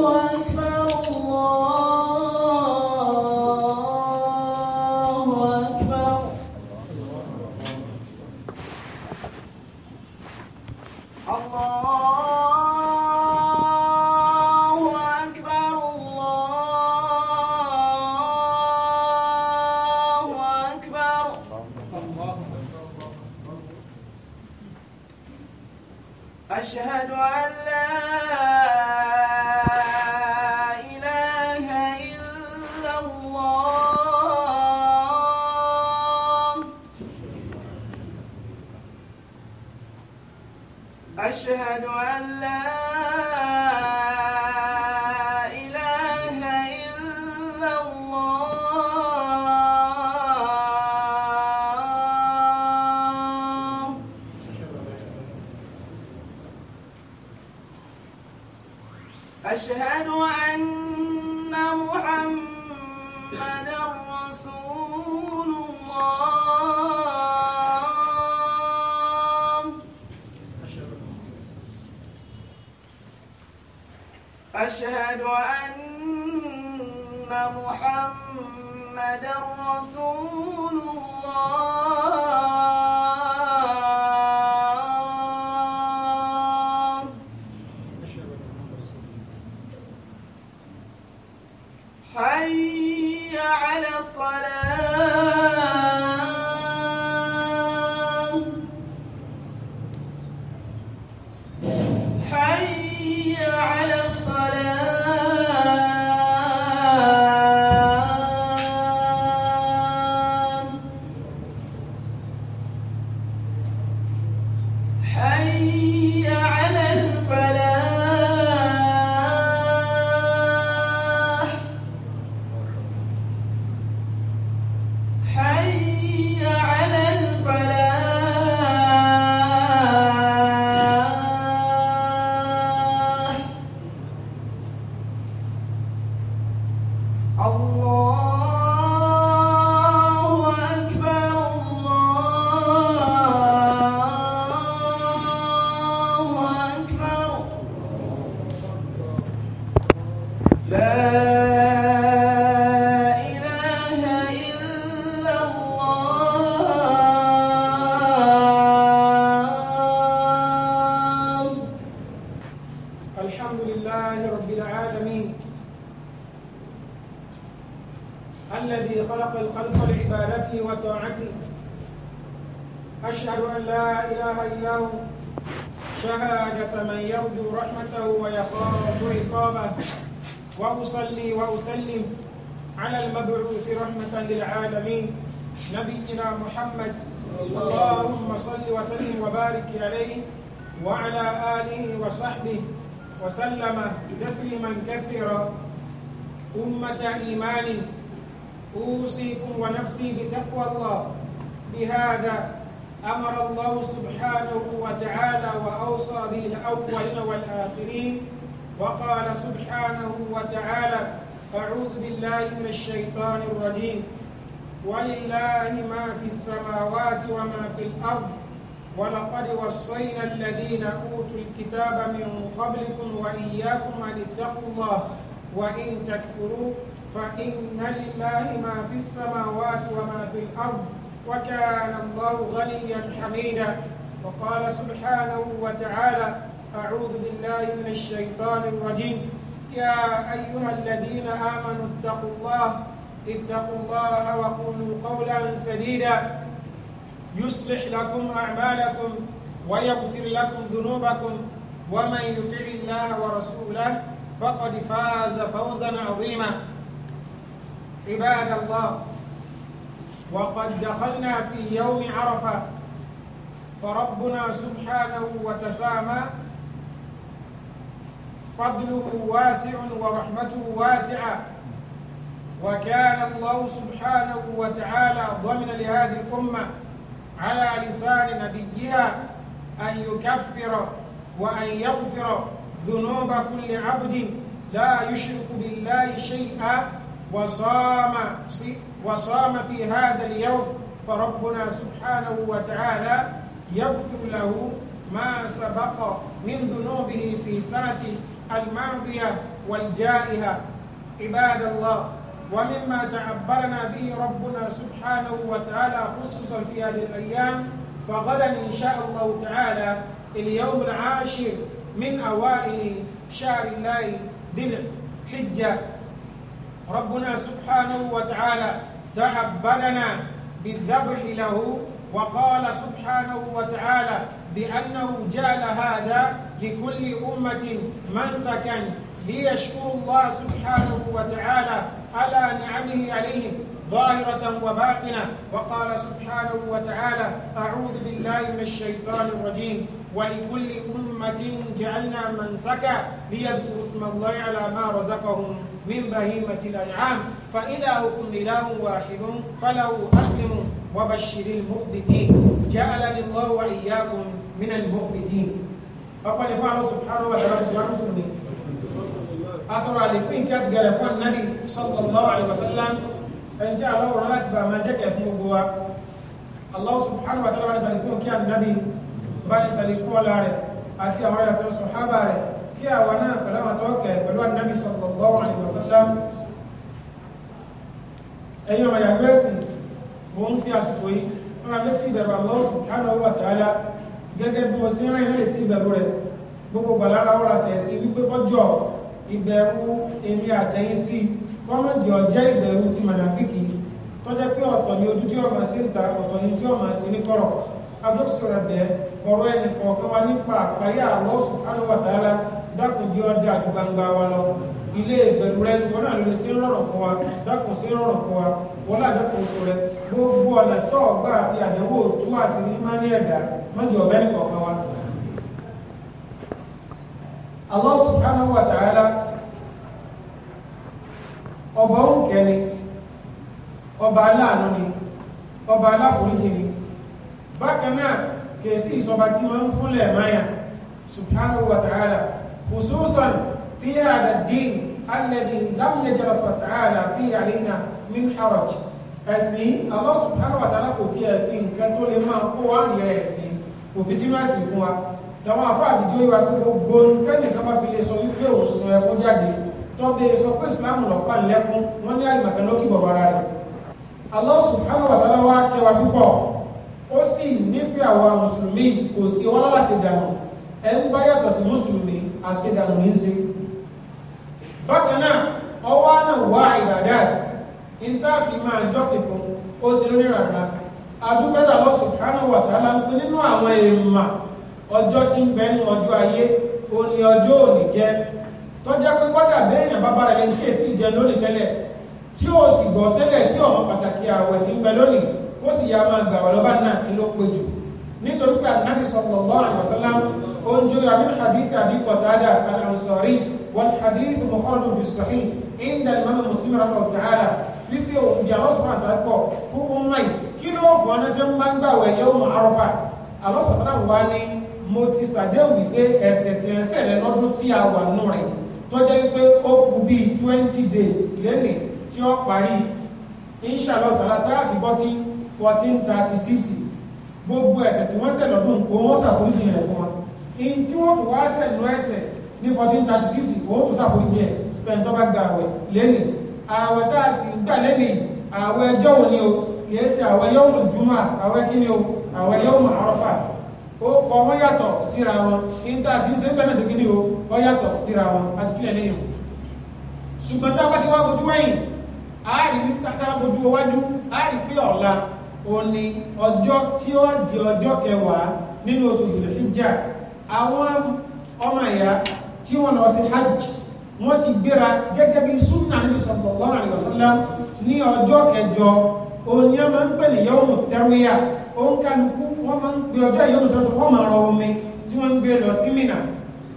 الله أكبر الله وما في الأرض ولقد وصينا الذين أوتوا الكتاب من قبلكم وإياكم أن اتقوا الله وإن تكفروا فإن لله ما في السماوات وما في الأرض وكان الله غنيا حميدا وقال سبحانه وتعالى أعوذ بالله من الشيطان الرجيم يا أيها الذين آمنوا اتقوا الله اتقوا الله وقولوا قولا سديدا يصلح لكم أعمالكم ويغفر لكم ذنوبكم ومن يطع الله ورسوله فقد فاز فوزا عظيما عباد الله وقد دخلنا في يوم عرفة فربنا سبحانه وتسامى فضله واسع ورحمته واسعة وكان الله سبحانه وتعالى ضمن لهذه الأمة على لسان نبيها أن يكفر وأن يغفر ذنوب كل عبد لا يشرك بالله شيئا وصام وصام في هذا اليوم فربنا سبحانه وتعالى يغفر له ما سبق من ذنوبه في سنة الماضية والجائهة عباد الله ومما تعبرنا به ربنا سبحانه وتعالى خصوصا في هذه الأيام فغدا إن شاء الله تعالى اليوم العاشر من أوائل شهر الله ذي الحجة ربنا سبحانه وتعالى تعبرنا بالذبح له وقال سبحانه وتعالى بأنه جعل هذا لكل أمة منسكا ليشكروا الله سبحانه وتعالى على نعمه عليهم ظاهرة وباطنة وقال سبحانه وتعالى أعوذ بالله من الشيطان الرجيم ولكل أمة جعلنا منسكا ليذكروا اسم الله على ما رزقهم من بهيمة الأنعام فإلهكم إله واحد فله أسلموا وبشر المخبتين جعلني الله وإياكم من المخبتين أقول الله سبحانه وتعالى سبحانه وتعالى atọrọ àlékún ìkẹ́ àtìgẹrẹ fún ànábì sallallahu alaihi wasallam ẹni tí àwọn ọ̀rọ̀ láti bá máa jẹ́kẹ̀ fún gbogbo wa Allah subhanahu wa ta'ala bá ní sàlékún kí ànábì bá ní sàlékún ọlá rẹ̀ yàgbé ẹ̀sìn mo ń fi àsìkò yìí wọn máa létí ìbẹ̀rù Allah subhanahu wa gẹ́gẹ́ bí mo sí rìn létí ìbẹ̀rù rẹ̀ gbogbo gbàlára ọ̀rọ̀ àṣẹ̀ sí wípé kọjọ́ ìbẹ̀rù èmi àtẹ̀yìn sí kọ́mọ̀dì ọ̀jẹ́ ìbẹ̀rù ti mànàfíkì tọ́jẹ́ pé ọ̀tọ̀ ni ojú tí ó máa sí ìta ọ̀tọ̀ ni tí ó máa sí ní kọ̀rọ̀ adókòsọ̀rọ̀ bẹ̀ ọ̀rọ̀ ẹni kọ̀ọ̀kan wa nípa àpáyé Allah subhanahu wa ta'ala dákun jẹ́ ọdẹ àdúgbàǹgbà wa lọ ilé ìbẹ̀rù rẹ wọn náà lè sí rọrùn fún wa dákun sí rọrùn fún wa wọn náà dákun sọ rẹ gbogbo ọ̀nà tó ọgbà àti àdéhùn tú àsìrí má ní ẹ̀dá mọ́jọ́ ọ̀bẹ́ nìkọ̀ọ̀kan wa Allah subhanahu wa ta'ala ọba òǹkẹ́ ni ọba aláàánú ni ọba aláforíjì ni bákan náà kèsí ìsọba tí wọ́n ń fúnlẹ̀ máyà subhanahu wa ta'ala khususan fi hada din alladhi lam yajlis wa ta'ala fi alayna min haraj ẹ̀sìn Allah subhanahu wa ta'ala kò tí ẹ̀ nǹkan tó lè máa kó wá nìyẹn ẹ̀sìn kò fi sínú ẹ̀sìn fún wa làwọn àfáàbí tó yíwa pé gbogbo kẹ́nìkan bá fi lè sọ wípé òun sun ẹkún jáde tọ́bẹ̀ sọ pé ìsìláàmù lọ́pàá lẹ́kún wọ́n ní àlìmọ̀kànlọ́kì bọ̀rọ̀ ara rẹ̀ Allah subhanahu wa ta'ala wá kẹwàá púpọ̀ ó sì nífẹ̀ẹ́ àwọn mùsùlùmí kò sí wọn lọ́wọ́ àṣedànù ẹ̀ ń bá yàtọ̀ sí mùsùlùmí àṣedànù ní í ṣe bákan náà ọwọ́ náà wá ìbàdàt ìtàfi máa jọ́sìn fún ó sì lórí ràrá adúgbẹ́dà Allah subhanahu wa ta'ala ń pín nínú àwọn èèmà ọjọ́ tí ń bẹ nínú ọjọ́ ayé ó ní ọjọ́ òní jẹ́ tọ́já pé kọ́dà béèyàn bàbá rẹ̀ tí ètí ìjẹ lónìí tẹ́lẹ̀ tí ó sì gbọ́ tẹ́lẹ̀ tí ọmọ pàtàkì àwẹ̀ tí ń bẹ lónìí ó sì yá máa gbà wọ́n lọ́ba náà kí ló pé jù nítorí pé ànábì sallallahu alaihi wasallam ó ń jóyà min hadith Abi Qatada al-Ansari wal hadith mukhalifun fi sahih inda al-Imam Muslim rahimahullahu ta'ala wípé òun bí àwọn sọ̀rọ̀ àtàkọ́ fún ọmọ yìí kí ló fọ́ ọ́nà tí wọ́n máa ń gbà wẹ̀ yẹ́wò Àrafà àlọ́sọ̀tàn wá ní mo ti ṣàdéhùn wípé ẹ̀ṣẹ̀ tí ẹ̀ṣẹ̀ rẹ lọ́dún tí a wà nù rẹ̀ tọ́jọ́ wípé ó kù bíi twenty days lẹ́nìí tí ó parí inshallah tààlà tààfì bọ́ sí fourteen thirty six gbogbo ẹ̀ṣẹ̀ tí wọ́n ṣẹ̀ lọ́dún kó wọ́n ṣàforíjì rẹ̀ fún wọn èyí tí wọ́n tún wá ṣẹ̀ lọ ẹ̀ṣẹ̀ ní fourteen thirty six kó wọ́n tún ṣàforíjì ẹ̀ fẹ́ni tó bá gba àwẹ̀ lẹ́nìí àwẹ̀ tá a sì gbà lẹ́nìí àwẹ̀ ẹjọ́ òní o kìí ṣe àwẹ̀ yọ̀ọ̀mù jùmọ̀ àwẹ̀ kíni o àwẹ̀ yọ̀ọ̀mù àrọ́fà ó kọ wọ́n yàtọ̀ síra wọn níta sí ṣe ń bẹ̀rẹ̀ sí kíní o wọ́n yàtọ̀ síra wọn àti kílẹ̀ lẹ́yìn o ṣùgbọ́n tá a bá ti wá bojú wẹ̀yìn a rí ní tá a bojú wájú a rí pé ọ̀la ó ní ọjọ́ tí ó di ọjọ́ kẹwàá nínú oṣù ìlẹ̀lẹ́jà àwọn ọmọ ìyá tí wọ́n lọ sí hajj wọ́n ti gbéra gẹ́gẹ́ bí súnà ní sallallahu alaihi wasallam ní ọjọ́ kẹjọ òní ọmọ ń pè ní yawmu tarwiya òun kálukú wọ́n máa ń gbé ọjọ́ ìyóò tọ́tọ́ wọ́n máa rọ omi tí wọ́n ń gbé lọ sí mìnà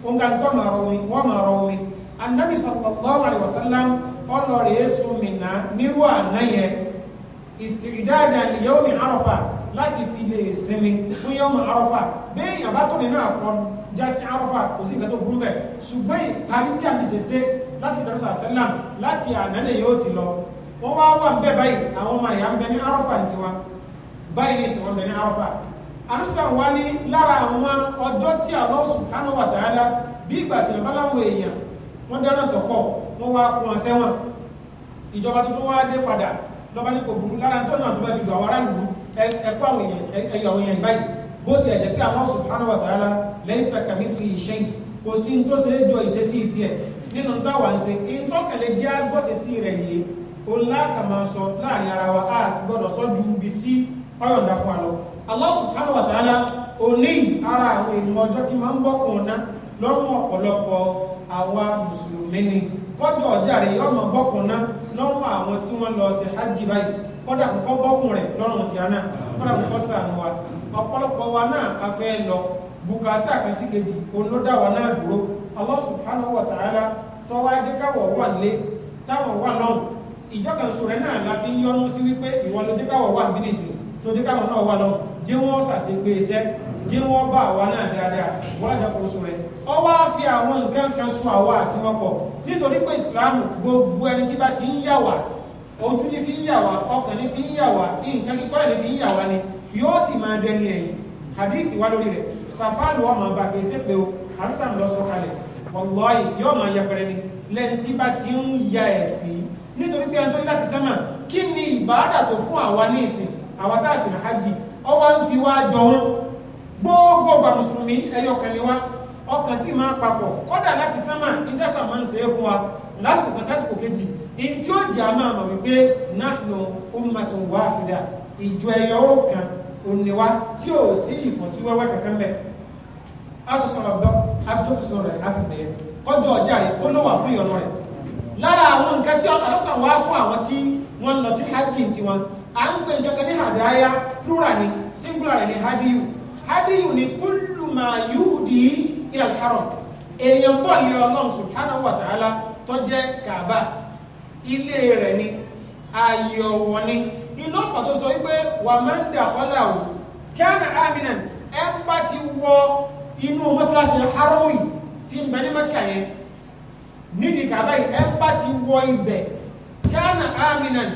òun kálukú máa rọ omi wọ́n máa rọ omi Ànábì sallallahu alaihi wasallam ọlọ́rẹ̀ èso mìnà nírú àná yẹn ìsìrìdáàdà ìyẹ́wò mi àrọ̀fà láti fi lè sinmi fún yọ́mù àrọ̀fà bẹ́ẹ̀ yàbá tó ní náà kọ́ jásí àrọ̀fà kò sí ìgbà burú bẹ̀ ṣùgbọ́n ìparí báyìí ní ìsìn wọn bẹ ní arọ́fà àrùsà wa ní lára àwọn ọjọ́ tí Allah subhanahu wa ta'ala bí ìgbà tí ìyàbá láwọn èèyàn wọ́n dáná tọ̀pọ̀ wọ́n wá kún ọ sẹ́wọ̀n ìjọba tuntun wá dé padà lọ́ba ní kò burú lára tó náà tó bá fi lọ àwọn aráàlú ẹ̀kọ́ àwọn èèyàn ẹ̀yà àwọn èèyàn báyìí bó tilẹ̀ jẹ́ pé Allah subhanahu wa ta'ala laysa kamithlihi shay' kò sí ní tó ṣe é jọ ìṣesí tiẹ̀ nínú táwa ń ṣe ọyọ̀ǹda fún alọ́ Allah òní ara àwọn ènìyàn ọjọ́ tí máa ń bọ́kùn ná lọ́rùn ọ̀pọ̀lọpọ̀ àwa mùsùlùmí ni ọjà máa lọ́rùn àwọn tí wọ́n lọ sí hajj báyìí kọ́dà rẹ̀ lọ́rùn a kọ́dà wa ọ̀pọ̀lọpọ̀ wa náà a fẹ́ lọ kejì wa náà dúró la yọnu sí tó káwọn náà wà lọ jẹ́ wọ́n iṣẹ́ jẹ́ wọ́n bá àwa náà dáadáa wọ́n lájà kó so ọ wá fi àwọn nǹkan kan àwa àti wọn nítorí pé gbogbo ẹni tí bá ti ń yà wá ojú ní fi ń yà wá ọkàn fi ń yà ni yóò sì máa dẹni ẹ̀yìn lórí sàfáàlù ọmọ ọba kì í ṣe pé o àrísà ń lọ sọ yóò ni tí bá ya nítorí pé ẹni àwọn tá a sì hajj ọwọ́ ń fi wá jọ wọn gbogbo ọgbà mùsùlùmí ẹyọ kan ni wá ọkàn sì máa papọ̀ kọ́dà láti sánmà ìjọsà máa ń ṣe é fún wa lásìkò kan sásìkò kejì èyí tí ó jẹ́ àmọ́ àmọ́ wípé nahnu ummatun wahida ìjọ ẹyọ kan òníwá tí ò sí ìfọ̀síwẹ́wẹ́ kankan mẹ́ àtúnṣọ̀rọ̀ bọ́ àtúnṣọ̀rọ̀ rẹ̀ àfìbẹ̀yẹ kọjọ ọjà rẹ̀ kó ló wà fún ìyọnu rẹ̀ lára àwọn nǹkan tí ọ̀sán wá fún àwọn tí wọ́n lọ sí hajj tiwọn à ń pè nǹkan ní hadaya plural ni singular ni hadiyu hadiyu ni kullu ma yudi ila al-haram èèyàn bọ̀ ilé ọlọ́run subhanahu wa ta'ala tó jẹ́ kaaba ilé rẹ̀ ni ààyè ọ̀wọ̀ ni iná ọ̀fà tó sọ wípé wà máa ń dà kọ́là o kẹ́hìn aminan ẹ̀ ń bá ti wọ inú mọ́sálásí haromi tí ń bẹ ní mẹ́kà yẹn nídìí kaaba yìí ẹ̀ ń bá ti wọ ibẹ̀ kẹ́hìn aminan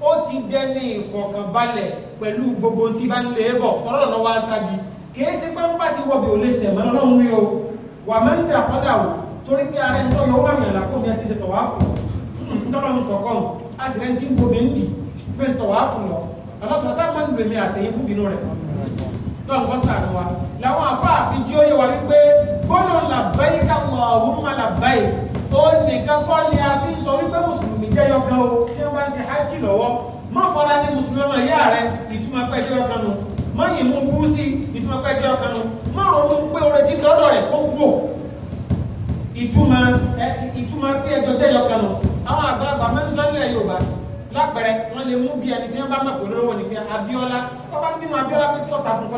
ó ti dẹni ìfọ̀kànbalẹ̀ pẹ̀lú gbogbo tí bá ń lè bọ̀ ọlọ́run lọ́wọ́ aṣáájú kìí ṣe pé nípa ti wọ̀bì ò lè sẹ̀mọ́ ọlọ́run rí o wà máa ń dà kọ́dà o torí pé ara ẹni tó yọ wà mìíràn lápò mi àti ṣe tọ̀wá fún un hmm, ńtọ́lọ́run sọ̀kọ́ un a sì rẹ́ni tí ń gbòmí ń dì pé ṣe tọ̀wá fún lọ ọlọ́sọ̀rọ̀ sáà máa ń lò mí àtẹ̀yìn fún bínú rẹ̀ lọ́n kọ́ sànù wa làwọn àfáà fi jí ó yẹ wa wípé bọ́ọ̀lù làbáyé káwọn ọ̀hún ó nìkan kọ́ ni a fi ń sọ wípé mùsùlùmí jẹ́ yọkan o tí wọ́n bá ń ṣe hajj lọ́wọ́ má fọ́ra ní mùsùlùmí ọmọ ìyá rẹ ìtumọ̀ pẹ́ jẹ́ yọkan nu má yìí mú bú sí ìtumọ̀ pẹ́ jẹ́ yọkan nu má ronú pé oore ti dọ́dọ̀ rẹ̀ kó kúrò ìtumọ̀ ìtumọ̀ pé ẹjọ́ jẹ́ yọkan nu àwọn àgbàlagbà mẹ́sàn nílẹ̀ Yorùbá lápẹẹrẹ wọn lè mú bí ẹni tí wọn bá mọ̀ ni pé Abíọ́lá tó bá ń bímọ Abíọ́lá pé kọ́ta fún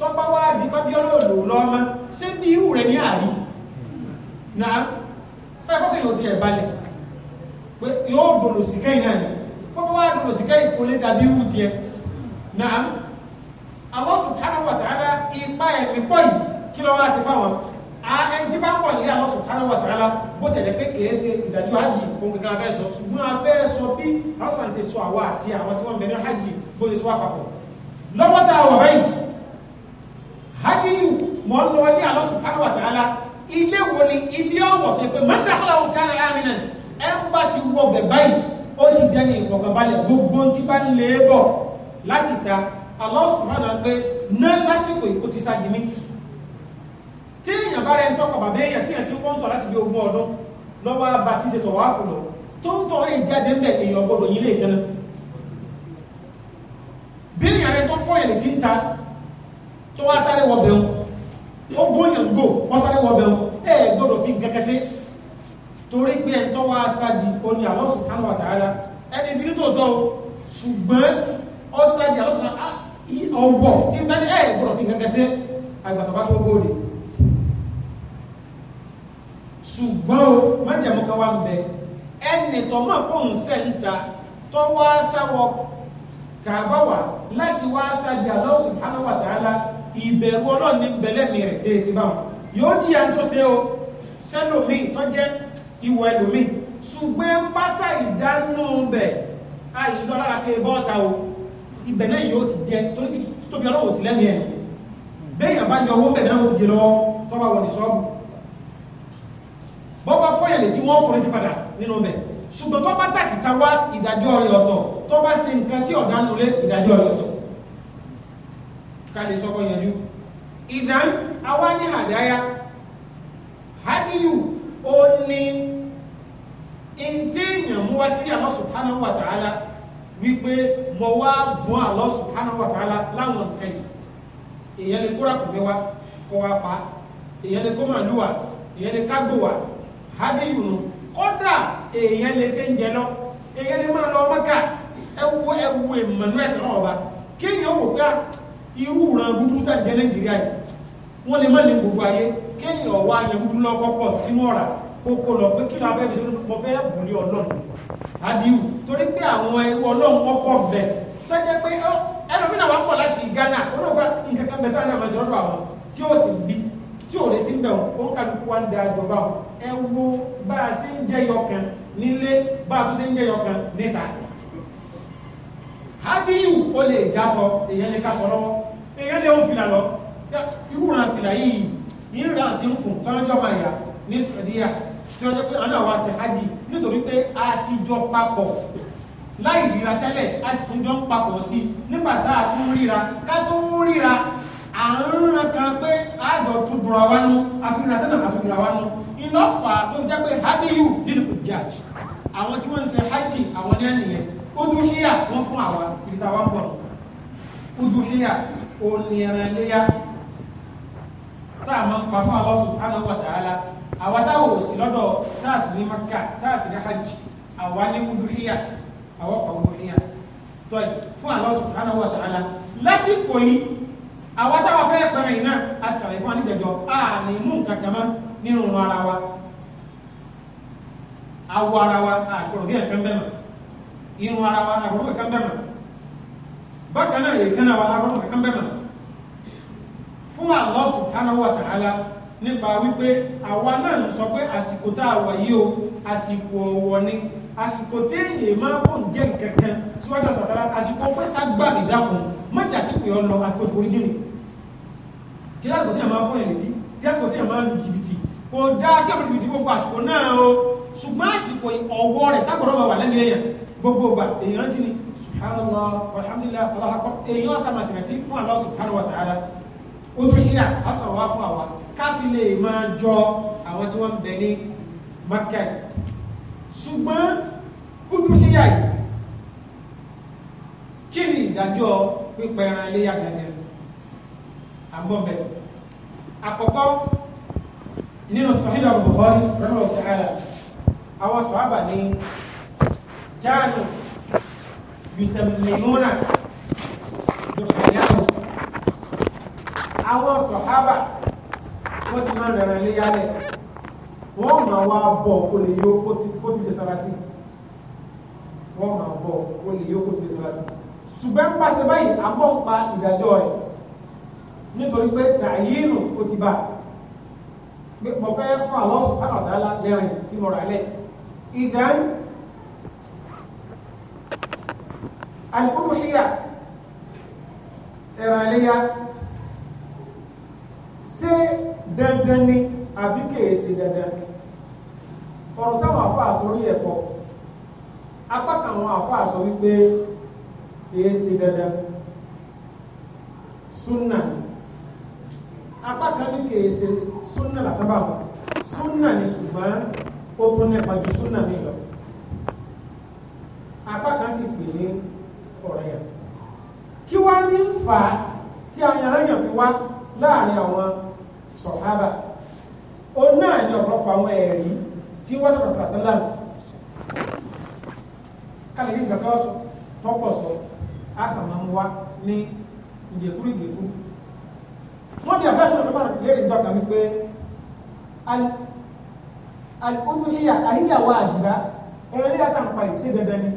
kọ́ta wá di Abíọ́lá òlò lọ́mọ ṣé bí irú rẹ̀ ní àrí náà ẹ̀kọ́ kí ló ti ẹ̀ balẹ̀ pé yóò dòlò sí kẹ́yìn náà ni kókó wá dòlò sí kẹ́yìn kò lè dàbí irú tiẹ̀ náà Allah subhanahu wa ta'ala ipa ẹ̀ pípọ̀ yìí kí ló wá sí fáwọn ẹni tí bá ń pọ̀ nílé Allah subhanahu wa ta'ala bó tẹ̀lé pé kìí ṣe ìdájọ́ àjì ohun kankan abẹ́ sọ ṣùgbọ́n a fẹ́ sọ bí alọ́sàn ṣe sọ àwa àti àwọn tí wọ́n bẹ ilé wo ni ibi ọ̀wọ̀ tó pé mọ́tàkàlà òun kára láàrin náà ẹ̀ ń bá ti wọ bẹ̀ báyìí ó ti dẹni ìfọ̀kànbalẹ̀ gbogbo tí bá ń lé bọ̀ láti ta Allah subhanahu wa ta'ala pé ná lásìkò ìkó ti sáájú mi tí èèyàn bá rẹ ń tọkọ bàbá èèyàn tí èèyàn ti wọ́n tọ̀ láti bí ogún ọdún lọ́wọ́ abà tí ń ṣètò wá fún lọ tó ń tọ́ ẹ̀ jáde ń bẹ̀ èèyàn gbọdọ̀ yín lè tẹ́lẹ̀ bí èèyàn rẹ tó fọ́ ẹ̀ lè ti ń ta tó wá sáré wọ bẹ̀rù ọgbọ́n yẹn gò wọ́n sáré wọ bẹ̀rù ẹ gbọ́dọ̀ fi nǹkan kẹsẹ́ torí pé ẹ̀ ń tọ́wọ́ aṣáájú ó ní Allah subhanahu wa ta'ala ẹni ìbílẹ̀ tó tọ́ ṣùgbọ́n ọṣáájú Allah subhanahu ọ̀bọ̀ tí ń bẹ́ni ẹ gbọ́dọ̀ fi nǹkan kẹsẹ́ àgbàtọ̀bá tó gbóòdì ṣùgbọ́n o májàmú kan wá ń bẹ ẹnì tọ́ mọ̀ pọ̀ ń sẹ́ńtà tọ́wọ́ aṣáwọ̀ kàbá wà láti wá sájà lọ́wọ́ subhanahu wa ta'ala ìbẹ̀rù ọlọ́run ní bẹ̀lẹ̀ mi rẹ̀ tẹ́ sí báwọn yóò di à ń tó ṣe o sẹ́lòmí tó jẹ́ ìwọ̀ ẹlòmí ṣùgbọ́n ń bá sá ìdánú bẹ̀ àyè lọ́lára pé bọ́ọ̀ta o ibẹ̀ náà yóò ti jẹ torí tóbi ọlọ́wọ́ sí lẹ́nu ẹ̀ bẹ́yìn àbá yọ owó bẹ̀ náà ti jẹ lọ́wọ́ tó bá ní sọ́ọ̀bù bọ́bá fọ́yẹ̀lẹ̀ tí wọ́n fọ́ ṣùgbọ́n tó bá tàti ta wá ìdájọ́ rẹ̀ ọ̀tọ̀ tó bá ṣe nǹkan tí ọ̀dánú lé ìdájọ́ rẹ̀ ọ̀tọ̀ ká lè sọ́kọ́ yanjú ìdán awá ní àdáyá hadiyu ó ní ìdíyàn mú wá sí Allah subhanahu wa ta'ala wípé mo wá bọ́ Allah subhanahu wa ta'ala láwọn nǹkan yìí èèyàn lè kóra kò mẹ́wàá kọ́ wá pa èèyàn lè kó màlúwà èèyàn lè kágbó wà hadiyu nù kódà èèyàn lè ṣe ń jẹ lọ èèyàn lè máa lọ mọ́kà ẹwu ẹwu ìmọ̀nú ẹ̀sìn náà ọba kéèyàn wò pé ah, irú ìran gúdú tá jẹ́ nàìjíríà yìí wọ́n lè má ní gbogbo ayé kéèyàn wá yẹ gúdú lọ́kọ́ pọ̀ sínú ọ̀rà kókó lọ pé kí ló abẹ́ ìṣẹ́ mo fẹ́ bùlé ọlọ́run àdìhù torí pé àwọn ẹrú ọlọ́run ọkọ̀ bẹ̀ tó jẹ́ pé ẹlòmínà wà ń bọ̀ láti Ghana ó nǹkan kan bẹ̀ tá tí ò lè sí ń bẹ̀ ó ń kàlùkù wá ń da àjọba ẹ wo bá a ṣe ń jẹ́ yọkan nílé bá a tún ṣe ń jẹ́ yọkan níta hádìyù ó lè já sọ èèyàn lè ká sọ lọ́wọ́ èèyàn lè ó fìlà lọ irú ràn fìlà yìí ìrìnà àti ń fún tọ́jọ́ máa yà ní sọ̀díyà tí wọ́n jẹ́ pé àwọn àwọn àṣẹ hádìí nítorí pé a ti jọ papọ̀ láì ríra tẹ́lẹ̀ a sì tún jọ ń papọ̀ sí nígbà tá a tún ríra ká tó ríra àrùn kan pé àjọ tún bọ̀rọ̀ wa nú àtúnyìnrà tẹ́lẹ̀ àtúnyìnrà wa nú iná fà á tó jẹ́ pé hadiyu nínú kò jáde àwọn tí wọ́n ń ṣe hajj àwọn ní ẹnìyẹn ojú híyà wọ́n fún àwa ìrìtà wa ń bọ̀ ojú híyà onírànléyà tá a máa ń pa fún Allah subhanahu wa ta'ala àwa táwọ̀ òsì lọ́dọ̀ táàsì ní Makkah táàsì ní hajj àwa ní ojú híyà àwa pa ojú híyà tọ́yì fún Allah subhanahu wa ta'ala lásìkò yìí àwọn táwọn fẹ́ pẹ̀rẹ̀ iná àti sàlẹ̀ fún a àní mú nǹkan kan mọ́ nínú ara wa awọ ara wa àgbọ̀rọ̀ bí ẹ̀kan bẹ́ẹ̀ mọ̀ irun ara wa àgbọ̀rọ̀ bí ẹ̀kan bẹ́ẹ̀ mọ̀ bákan náà èèkan náà wà lábọ̀rọ̀ bí ẹ̀kan bẹ́ẹ̀ mọ̀ fún Allah subhanahu wa ta'ala nípa wípé àwa náà ń sọ pé àsìkò tá a wà yìí o àsìkò ọ̀wọ̀ ni àsìkò téèyàn máa bọ̀ ń jẹ́ nǹkan síwájú àsàtàlá àsìkò pẹ́sà gbà mí má jà sí pé ọ lọ àti òfòrí jìnnì kí lákòó tí a máa fún ẹ̀ létí kí lákòó tí a máa lu jìbìtì kò dáa kí jìbìtì gbogbo àsìkò náà o ṣùgbọ́n àsìkò ọ̀wọ́ rẹ̀ sákòrò máa wà lẹ́nu èèyàn gbogbo ìgbà èèyàn ti ní subhanallah alhamdulillah allah akọ èèyàn sàmà sìrẹ̀tì fún Allah subhanahu wa ta'ala ó tún yíyà wa sọ̀rọ̀ wá fún àwa káfí lè máa jọ àwọn tí wọ́n ń bẹ ní Makkah ṣùgbọ́n ó tún kí ni ìdájọ́ pípẹ́ ẹran iléyà gẹ́gẹ́ àbọ̀bẹ̀ àkọ́kọ́ nínú Sahih al-Bukhari rẹ́rọ̀ tààrà àwọn sọ̀hábà ní jáàdù yusammimuna dùkàyàwó àwọn sọ̀hábà wọ́n ti máa ń rẹ̀ràn iléyà lẹ̀ wọ́n máa wá bọ̀ olè yóò kó ti lè sára sí wọ́n máa bọ̀ olè yóò kó ti lè sára sí ṣùgbọ́n bá ṣe báyìí àbọ̀ ń pa ìdájọ́ rẹ̀ nítorí pé tàyínù ó ti bá mo fẹ́ fún Allah subhanahu wa ta'ala lẹ́rìn tí mo rà lẹ̀ ìdán al-udhiyah ẹ̀ràn iléyà ṣé dandan ni àbí kèé ṣe dandan ọ̀rọ̀ táwọn àfáà sọ orí ẹ̀kọ́ apá kan àwọn àfáà sọ wípé kìí ṣe dandan súnà apá kan ní kìí ṣe súnà làsábà súnà ni ṣùgbọ́n ó tún nípa ju súnà mi lọ apá kan sì pè ní ọ̀rọ̀ yẹn kí wá ní ń fà á tí àwọn aráyàn fi wá láàrin àwọn sọ̀hábà ó náà ní ọ̀pọ̀lọpọ̀ àwọn ẹ̀rí tí wọ́n tọ̀tọ̀ sàṣẹ́lá kálí ní ìgbà tọ́pọ̀ sọ káàkà máa ń wá ní ìdèkúrú ìdèkúrú wọ́n bí abẹ́fẹ́ lọ́dọ́ máa léèrè ìjọ kan wípé alójú híyà àhíyàwó àjìbá ẹ̀rọ ní àtà ń pa ìsí dandan ni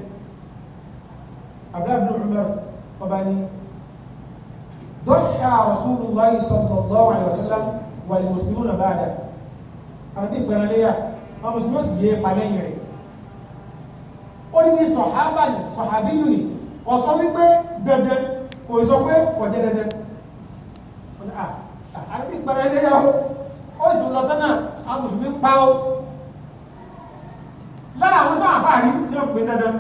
abdullahi bin umar ọba ni dọ́kà rasulullahi sallallahu alaihi wasallam wà ní mùsùlùmí náà báadà àwọn tí gbẹ̀rẹ̀ léyà mùsùlùmí sì yé e palẹ́yìn rẹ̀ ó ní sọ̀hábà sọ̀hábíyù ni kò sọ wípé dẹdẹ kò sọ pé kò jẹ dẹdẹ àti gbẹrẹ ilé yàwó ó sì lọ tán náà àwọn mùsùlùmí ń pa ó lára àwọn tó àfáà rí tí wọ́n fi pín dandan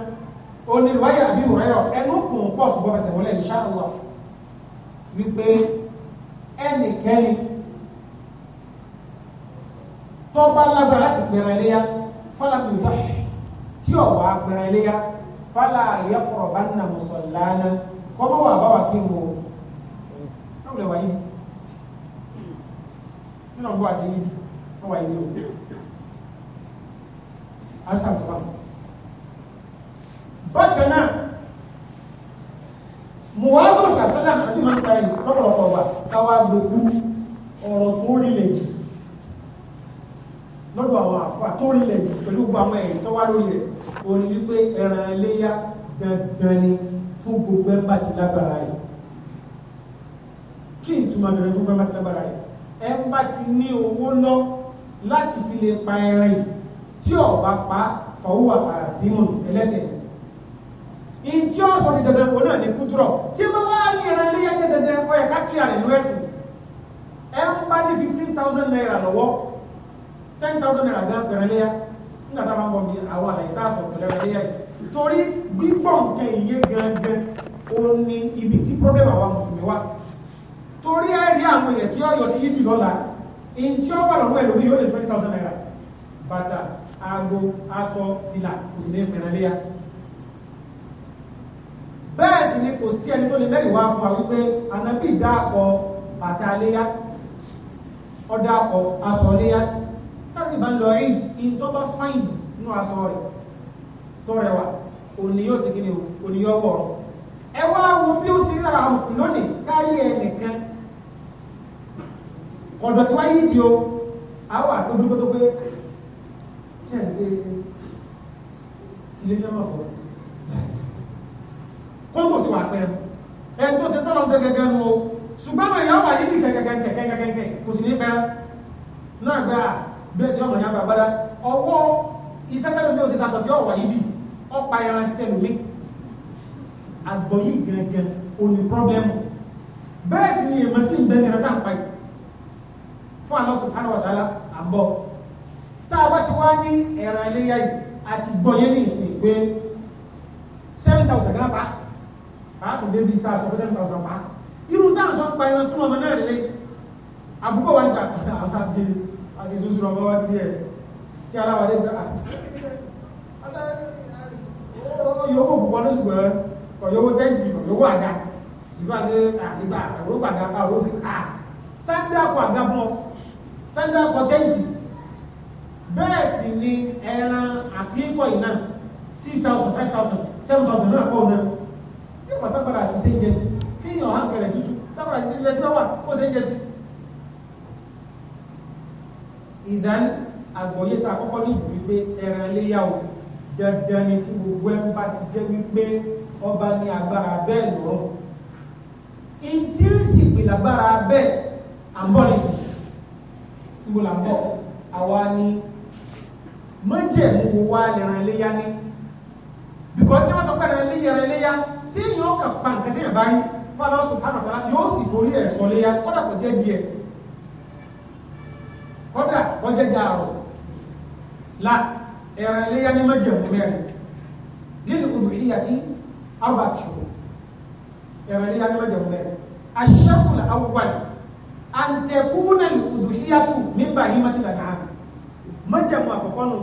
ó ní ìwáyà àbí ìwúrẹ́yọ ẹnu kùn pọ̀ ṣùgbọ́n fẹsẹ̀ wọlé insha Allah wípé ẹnikẹ́ni tó bá lágbára láti gbẹrẹ ilé yá fọlákùn ìgbà tí ọ̀wà gbẹrẹ ilé fala yaqrabanna musallana kọ́mọ́ wà bá wà kí n wò ó lè wà yìí nínú ọgbọ́n àti yìí ó wà yìí o asan fún wa bákan náà muwazo sasana àti mọ̀nkàrà yìí lọ́pọ̀lọpọ̀ wa káwa gbogbo ọ̀rọ̀ tó rinlẹ̀ jù lọ́dọ̀ àwọn àfa tó rinlẹ̀ jù pẹ̀lú gbogbo àwọn ẹ̀rí tó wá lórí òní wípé ẹran iléyà dandan ni fún gbogbo ẹ̀ bá ti lágbára rẹ̀ kí ìtumọ̀ dandan fún gbogbo ẹ̀ bá ti lágbára rẹ̀ ẹ̀ bá ti ní owó lọ láti fi lè pa ẹran yìí tí ọba pa fọwọ́ àfihàn ẹlẹ́sẹ̀ in tí ó sọ ní dandan òun náà ní kúdúrọ̀ tí mo wá ní ẹran iléyà jẹ́ dandan ó yẹ ká kílíà rẹ̀ lọ́ẹ̀sì ẹ̀ ń bá ní fifteen thousand naira lọ́wọ́ ten thousand naira gan pẹ̀rẹ̀ léyà nígbà tá a máa ń wọ bí àwọn àlàyé tá a sọ pẹ̀lú ẹ̀rọ ai torí gbígbọ́ nǹkan iye gangan ó ní ibi tí problem àwa mùsùlùmí wà torí ẹ̀rí àwọn èèyàn tí yóò yọ sí yídì lọ́la in tí ó wà lọ́wọ́ ẹ̀ lórí yóò lè twenty thousand naira bàtà aago aṣọ fìlà kò sì lè pẹ̀rẹ̀ léyà bẹ́ẹ̀ sì ni kò sí ẹni tó lè mẹ́rin wá fún wa wípé ànábì dáàpọ̀ bàtà léyà ọ̀dàpọ̀ aṣọ léyà tẹ́lẹ̀ bá ń lọ eid in tó bá fáìn jù nínú aṣọ rẹ̀ tó rẹwà òní yóò sì kí ni òní yóò wọ̀ ọ́ ẹ wá wo bí ó sì rárá mùsùlùmí lónìí kárí ẹ nìkan ọ̀dọ̀ tí wáyé di o àwọn àtọ́jú tó pé tí ẹ̀ ń gbé tilé ní ọmọ fọ́ kóńtò sí wà pẹ́rẹ́ ẹ̀ tó ṣe tọ́lọ́ fẹ́ gẹ́gẹ́ nu o ṣùgbọ́n àwọn wà yìí ní kẹ̀kẹ̀kẹ̀kẹ̀kẹ̀kẹ̀ kò sì ní pẹ́rẹ́ náà gbé à bẹ́ẹ̀ ni ọmọ yẹn àgbàgbádá ọwọ́ iṣẹ́ tẹ́lẹ̀ mi ò ṣe sàṣọ tí ọ̀wà yìí dì ọ̀pá ẹran ti tẹ̀lé mi àgbọ̀yé gẹ̀ẹ́gẹ̀ òní pọ́blẹ́mù bẹ́ẹ̀ sì ni èèmọ̀ sí ìgbẹ́ kẹrẹ tá à ń pa yìí fún Allah subhanahu wa ta'ala àbọ̀ tá a bá ti wá ní ẹran iléyà yìí àti gbọ̀yé ní ìsìn pé seven thousand gan pa pàtó débi tá a sọ pé seven thousand pa irú táwọn sọ pa ẹran súnmọ́ ọmọ náà lé àbúkọ̀ wà nígbà tó kí sísú ọmọ wá nílé ẹ̀ kí ara wà dé gbà yòówó bùkọ́ ní ṣùgbọ́n ọ̀yọ́wó tẹ́ǹtì ọ̀yọ́wó àga ṣùgbọ́n àti àgbà àwọn ògbàgà bá àwọn òṣèlú à tándàkọ̀ àga fún ọ tándàkọ̀ tẹ́ǹtì bẹ́ẹ̀ sì ni ẹran àkíkọ̀ iná six thousand five thousand seven thousand náà pọ̀ náà yóò pàṣẹ padà àti ṣe ń jẹ sí kéèyàn hàn kẹrẹ tútù tábàlà ti ṣe ń jẹ sí náà wà kó ṣe ń jẹ sí ìdán àgbọ̀yé tá kọ́kọ́ ní wípé ẹran iléyà dandan ni fún gbogbo ẹ̀ ń bá ti jẹ́ wípé ọba ní agbára bẹ́ẹ̀ lọ́rùn ìtí ń sì pè lágbára bẹ́ẹ̀ àbọ̀nìsì níbo là àwa ni mọ́jẹ̀mú wo wá lẹ́ran iléyà ní because tí wọ́n sọ pé ẹran iléyà ẹran iléyà sí èèyàn kàn pa nǹkan tí èèyàn bá rí fọlọ́sùn pàtàkì yóò sì borí ẹ̀ léyà kọ́dà kò jẹ́ díẹ̀ kọjá jaarọ la ẹran iléyà ní májẹ̀mú mẹ́rin nínú uluhiyyati arba'ati shurut ẹran iléyà ní májẹ̀mú mẹ́rin ash-shartul awwal an takuna al-udhiyatu min bahimatil an'am májẹ̀mú àkọ́kọ́ nù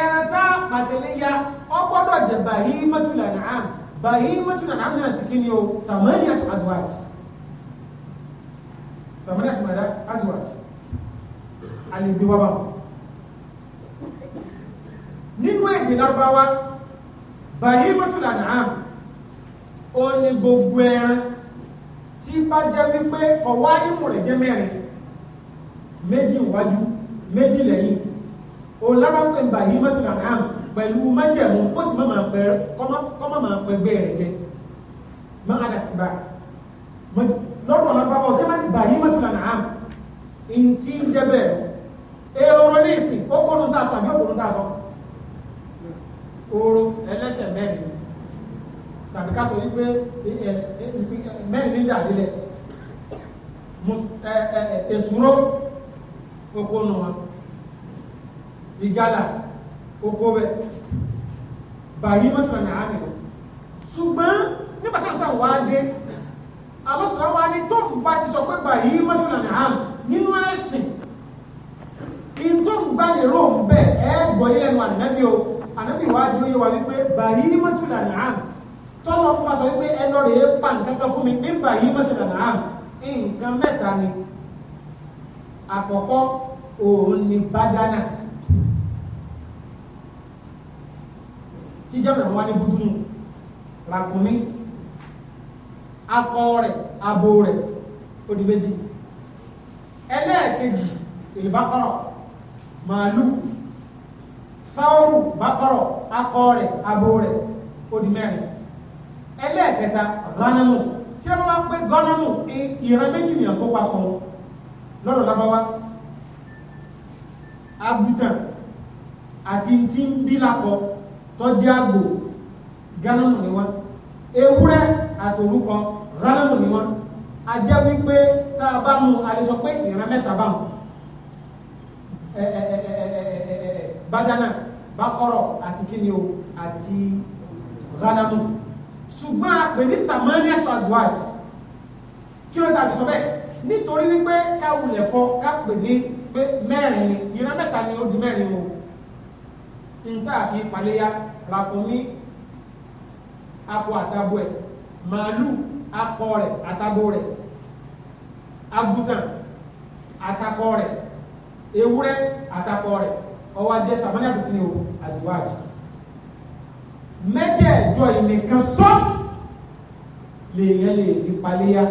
ẹran tá a pàṣẹ léyà ó gbọ́dọ̀ jẹ́ bahimatul an'am bahimatul an'am náà sì ni o thamaniyatu azwaj thamaniyatu mada azwaj àlejò wa bá nínú èdè lárúbáwá bàyí mọ́tòlá náà ó ní gbogbo ẹran tí bá jẹ́ wípé ọ̀wá ìmọ̀ rẹ̀ jẹ́ mẹ́rin méjì wájú méjì lẹ́yìn òun lára ń pè bàyí mọ́tòlá náà pẹ̀lú májẹ̀mú kó sì máa pẹ kọ́mọ́ máa pẹ gbé rẹ̀ jẹ máa dà sí bá lọ́dọ̀ lárúbáwá ọ̀tẹ́ máa bàyí mọ́tòlá náà ń tí ń jẹ́ bẹ́ẹ̀ ehoro ní ìsìn ó kó nu tasọ àbí òkú nu tasọ ooro ẹlẹ́sẹ̀ mẹ́rin tàbí ká sọ wípé mẹ́rin ní dàdílẹ̀ èsúró oko nù wọn ìgalà oko bẹ bàyí mọ́tìmọ̀ náà mi lọ ṣùgbọ́n nígbà sàǹsàn wá dé alọ́sọ̀rọ̀ wá ní tó ń bá ti sọ pé bàyí mọ́tìmọ̀ náà nínú ẹ̀sìn ìtò ń gbá èrò ń bẹ̀ ẹ́ gbọ́ yí lẹ́nu ànábì o ànábì wá jó yé wa wípé bàyí mọ́tìlá nàá tọ́lọ́ ń bá sọ wípé ẹ lọ rèé pa nǹkan kan fún mi ní bàyí mọ́tìlá nàá nǹkan mẹ́ta ni àkọ́kọ́ òun ni bádánà tíjọ́ mẹ́wàá ní gúdúmù làkùnmí akọ rẹ̀ abo rẹ̀ ó méjì ẹlẹ́ẹ̀kejì ìlú bá kọ́rọ̀ màálù fáwọ́rù bákọ́rọ̀ akọ rẹ̀ abo rẹ̀ odi mẹ́rin ẹlẹ́ẹ̀kẹta ghanamu tí wọ́n máa ń pè ghanamu ìran méjì nìyàn kó papọ̀ lọ́dọ̀ lábáwá àgùtàn àti tí ń bí lakọ tọ́jú àgbò ghanamu ni wọ́n ewúrẹ́ àtòrúkọ ghanamu ni wọ́n a jẹ́ wípé tá a bá mu a sọ pé ìran mẹ́ta bá mu. Eh, eh, eh, badana bakọrọ àti kíni o àti ghanamu ṣùgbọ́n àpè ní samani àti azuwaj kí ló tàbí sọ bẹ́ẹ̀ nítorí wípé káwulẹ̀ fọ kápè ní pé mẹ́rin ni o mẹ́ta ni ó di mẹ́rin o nta àfi paléya ràpọ̀mí akọ àtàbọ ẹ̀ màálù akọ rẹ̀ àtàbọ rẹ̀ àgùtàn àtakọ rẹ̀ ewúrẹ́ àtakọ rẹ̀ ọwọ́ ajé tàbánà tó kíni o àzíwájì mẹ́jẹ̀ẹ̀jọ ìnìkan sọ lèèyàn lè fi paléyà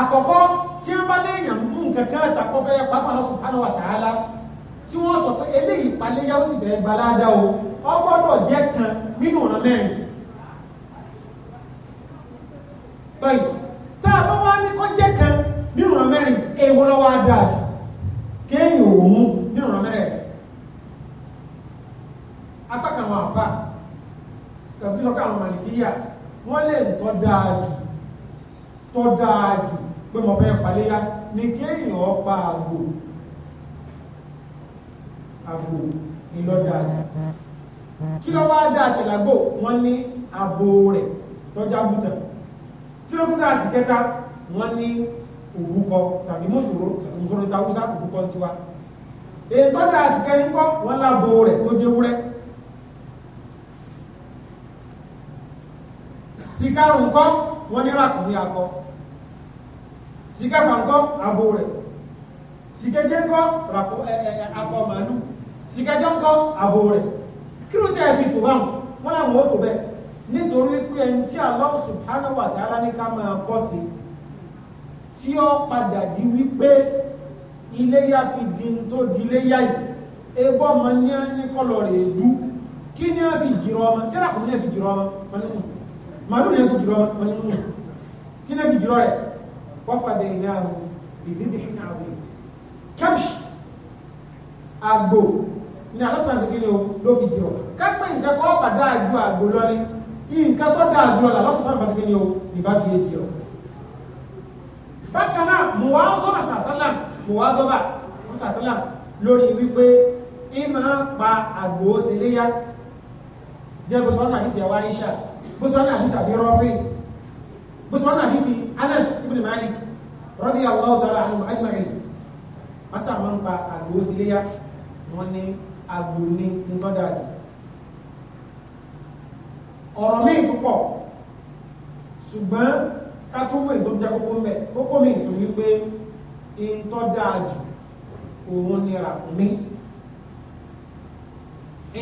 àkọ́kọ́ tí wọ́n bá léèyàn mú nǹkan kan àtakọ fẹ́ pàápàá Allah subhanahu wa ta'ala tí wọ́n sọ pé eléyìí paléyà ó sì bẹ̀ẹ́ gbalada o ọgbọ́dọ̀ jẹ́ kan nínú ọ̀nà mẹ́rin tọ́yì tá a bá wá ní kọ́ jẹ́ kan nínú ọ̀nà mẹ́rin èèwọ̀ lọ́wọ́ á dáa jù kéèyàn ò mú nínú mẹ́rẹ̀ apá kan àwọn àfa tàbí sọ́kà àwọn màlìkíyà wọ́n lè tọ́ dáa jù tọ́ dáa jù pé mo fẹ́ paléyà ni kéèyàn ó pa àgbò àgbò ìlọ́dà àjù kí ló wá dá àtẹ̀lágbò wọ́n ní abo rẹ̀ tọ́jà bùtà kí ló tún dá àsìkẹta wọ́n ní òwúkọ tàbí mùsùlùmí òfòrò tàwùsá kò kọ́ tiwa ètò àsìkẹ́ yín kọ́ wọ́n lábo rẹ̀ tó jẹ́ wúrẹ́ sìkárùn kọ́ wọ́n ní ràkùnrin akọ sìkẹfà ńkọ́ abo rẹ̀ sìkẹjẹ ńkọ́ akọ màálù sìkẹjọ ńkọ́ abo rẹ̀ kí ló tẹ́ ẹ fi tó bá wọn wọn làwọn ó tó bẹ́ẹ̀ nítorí pé ẹni tí Allah subhanahu wa ta'ala ní ká máa kọ́ sí tí ó padà di wípé iléyà fi di ń tó di iléyà yìí ebó ọmọ ní á ní kọlọ rẹ dú kí ni á fi jìrọ ọmọ sẹ́rà kò ní á fi jìrọ ọmọ wọn nínú màálù ní fi jìrọ ọmọ kí ni á fi jìrọ rẹ wọ́n fàdé ìní àrùn ìdíbi ìní àrùn kẹ́mṣì àgbò ní alásàǹsì kí ni o ló fi jìrọ kápẹ́ nǹkan kọ́ bà dáa ju àgbò lọ ni nǹkan tó dáa ju ọ̀là lọ́sọ̀tàn ìbá fi jìrọ bákan náà mùwàá ọgọ́ bàṣà sálàmù mọ̀wádọ́bà wọ́n sàṣálà lórí wípé ìmọ̀ pa àgbò síléyà jẹ́ bùsùlọ́nà àdìfì àwọn Aisha bùsùlọ́nà àdìfì àbí rọ́fì bùsùlọ́nà àdìfì Anas ibn Malik radiyallahu ta'ala anhu ajma'in wọ́n sàmọ́ ń pa àgbò síléyà wọ́n ní àgbò ní ntọ́dàjù ọ̀rọ̀ míì tó pọ̀ ṣùgbọ́n ká tó mú ìtòjá kókó mẹ́ kókó míì tó wípé ìntọ́ dáa jù òun ni ràkúnmí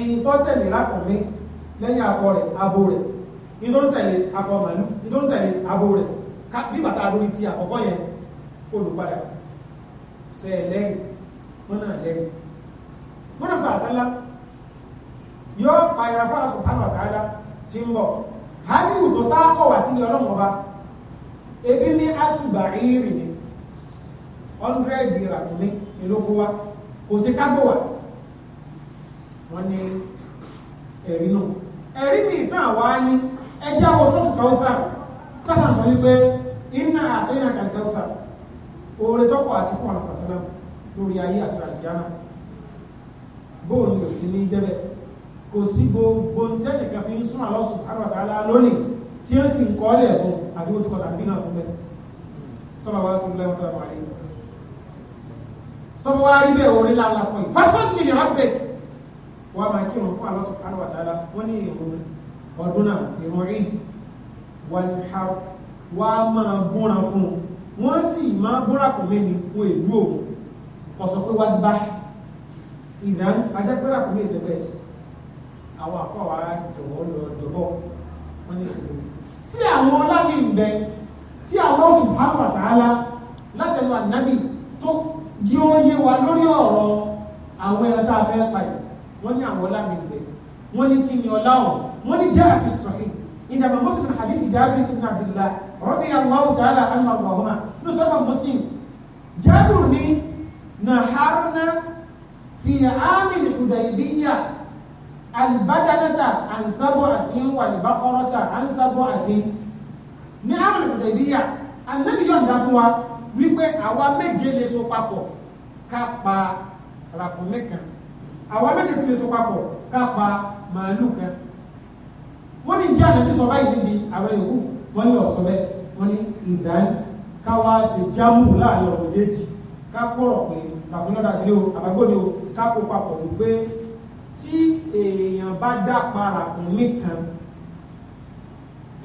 ìntọ́ tẹ̀lé ràkúnmí lẹ́yìn akọ rẹ̀ abo rẹ̀ ìntọ́ tẹ̀lé akọ màálù ìntọ́ tẹ̀lé abo rẹ̀ bí bàtà lórí ti àkọ́kọ́ yẹn olùpadà sẹ́ẹ̀lẹ́rì wọn náà lẹ́rì wọn náà sàásánlá yóò pa ìrafára subhanahu wa ta'ala tí ń bọ̀ hádìí tó sáà kọ̀ wá sí ọlọ́mọba ebi ní àtùbà ìrìn ni hundred ìràkúnmí ìlókó wa kò sí kágbó wa wọ́n ní ẹ̀rí náà ẹ̀rí mi ìtàn àwa ní ẹjẹ́ àwọn sọ́tù kàófà tọ́sán sọ wípé iná àti iná kan kàófà oore tọ́pọ̀ àti fún àwọn sàṣẹ́lẹ̀ lórí ayé àti àdìyànà bóòlù kò sí ní jẹ́bẹ̀ kò sí gbogbo tẹ́nìkan fi ń sún Allah subhanahu wa ta'ala lónìí tí ó sì ń kọ́ ọ́lẹ̀ fún àbí ó ti kọ́ tàbí náà fún bẹ́ẹ̀ sọ́nà wa tó lẹ́wọ́n sọ́nà wà lẹ́yìn tọ́mọ wa rí bẹ́ẹ̀ la lánàá fún yìí fásán ní ìlera bẹ́ẹ̀ wọ́n máa kí wọn fún Allah subhanahu wa ta'ala wọ́n ní ìrún ọdún náà ìrún eid wà ní ha wà á máa búra fún un wọ́n sì máa búra kò mẹ́ni fún èdú òun ọ̀sọ̀ pé wá gbá ìdán ajẹ́pẹ́rà kò ní ìsẹ̀bẹ̀ àwọn àfọwà jọ̀wọ́ lọ jọ̀bọ̀ wọ́n ní ìrún sí àwọn ọlá ní ìbẹ tí Allah subhanahu wa ta'ala látẹnu ànábì tó jí ó yé wa lórí ọ̀rọ̀ àwọn ẹran tá a fẹ́ pa yìí wọ́n ní àwọn ọlá mi gbẹ wọ́n ní kí ni ọlá ọ̀hún wọ́n ní jẹ́ àfisàn yìí ìdàmà mùsùlùmí hadith jábìrì ibn abdullah radiyallahu ta'ala anhu àgbàhùnmá ní sọ́mà mùsùlùmí jábìrì ní naharna fi amil hudaybiyya albadanata an sab'atin wal baqarata an ní amil hudaybiyya annabi yọ̀ǹda fún wa wípé àwa méje lè so papọ̀ ká pa ràkúnmí kan àwa méje ti lè so papọ̀ ká pa màálù kan wọ́n ní jẹ́ àdàbí sọ báyìí níbi àwọn ìwú wọ́n ní ọ̀sọ̀ bẹ́ẹ̀ wọ́n ní ìdání káwa ṣe jámù láàrin ọ̀rọ̀ méjèèjì ká kọ̀rọ̀ pé ràkúnlọ́dà ilé o àbágbó ni o ká kó papọ̀ wípé tí èèyàn bá dá pa ràkúnmí kan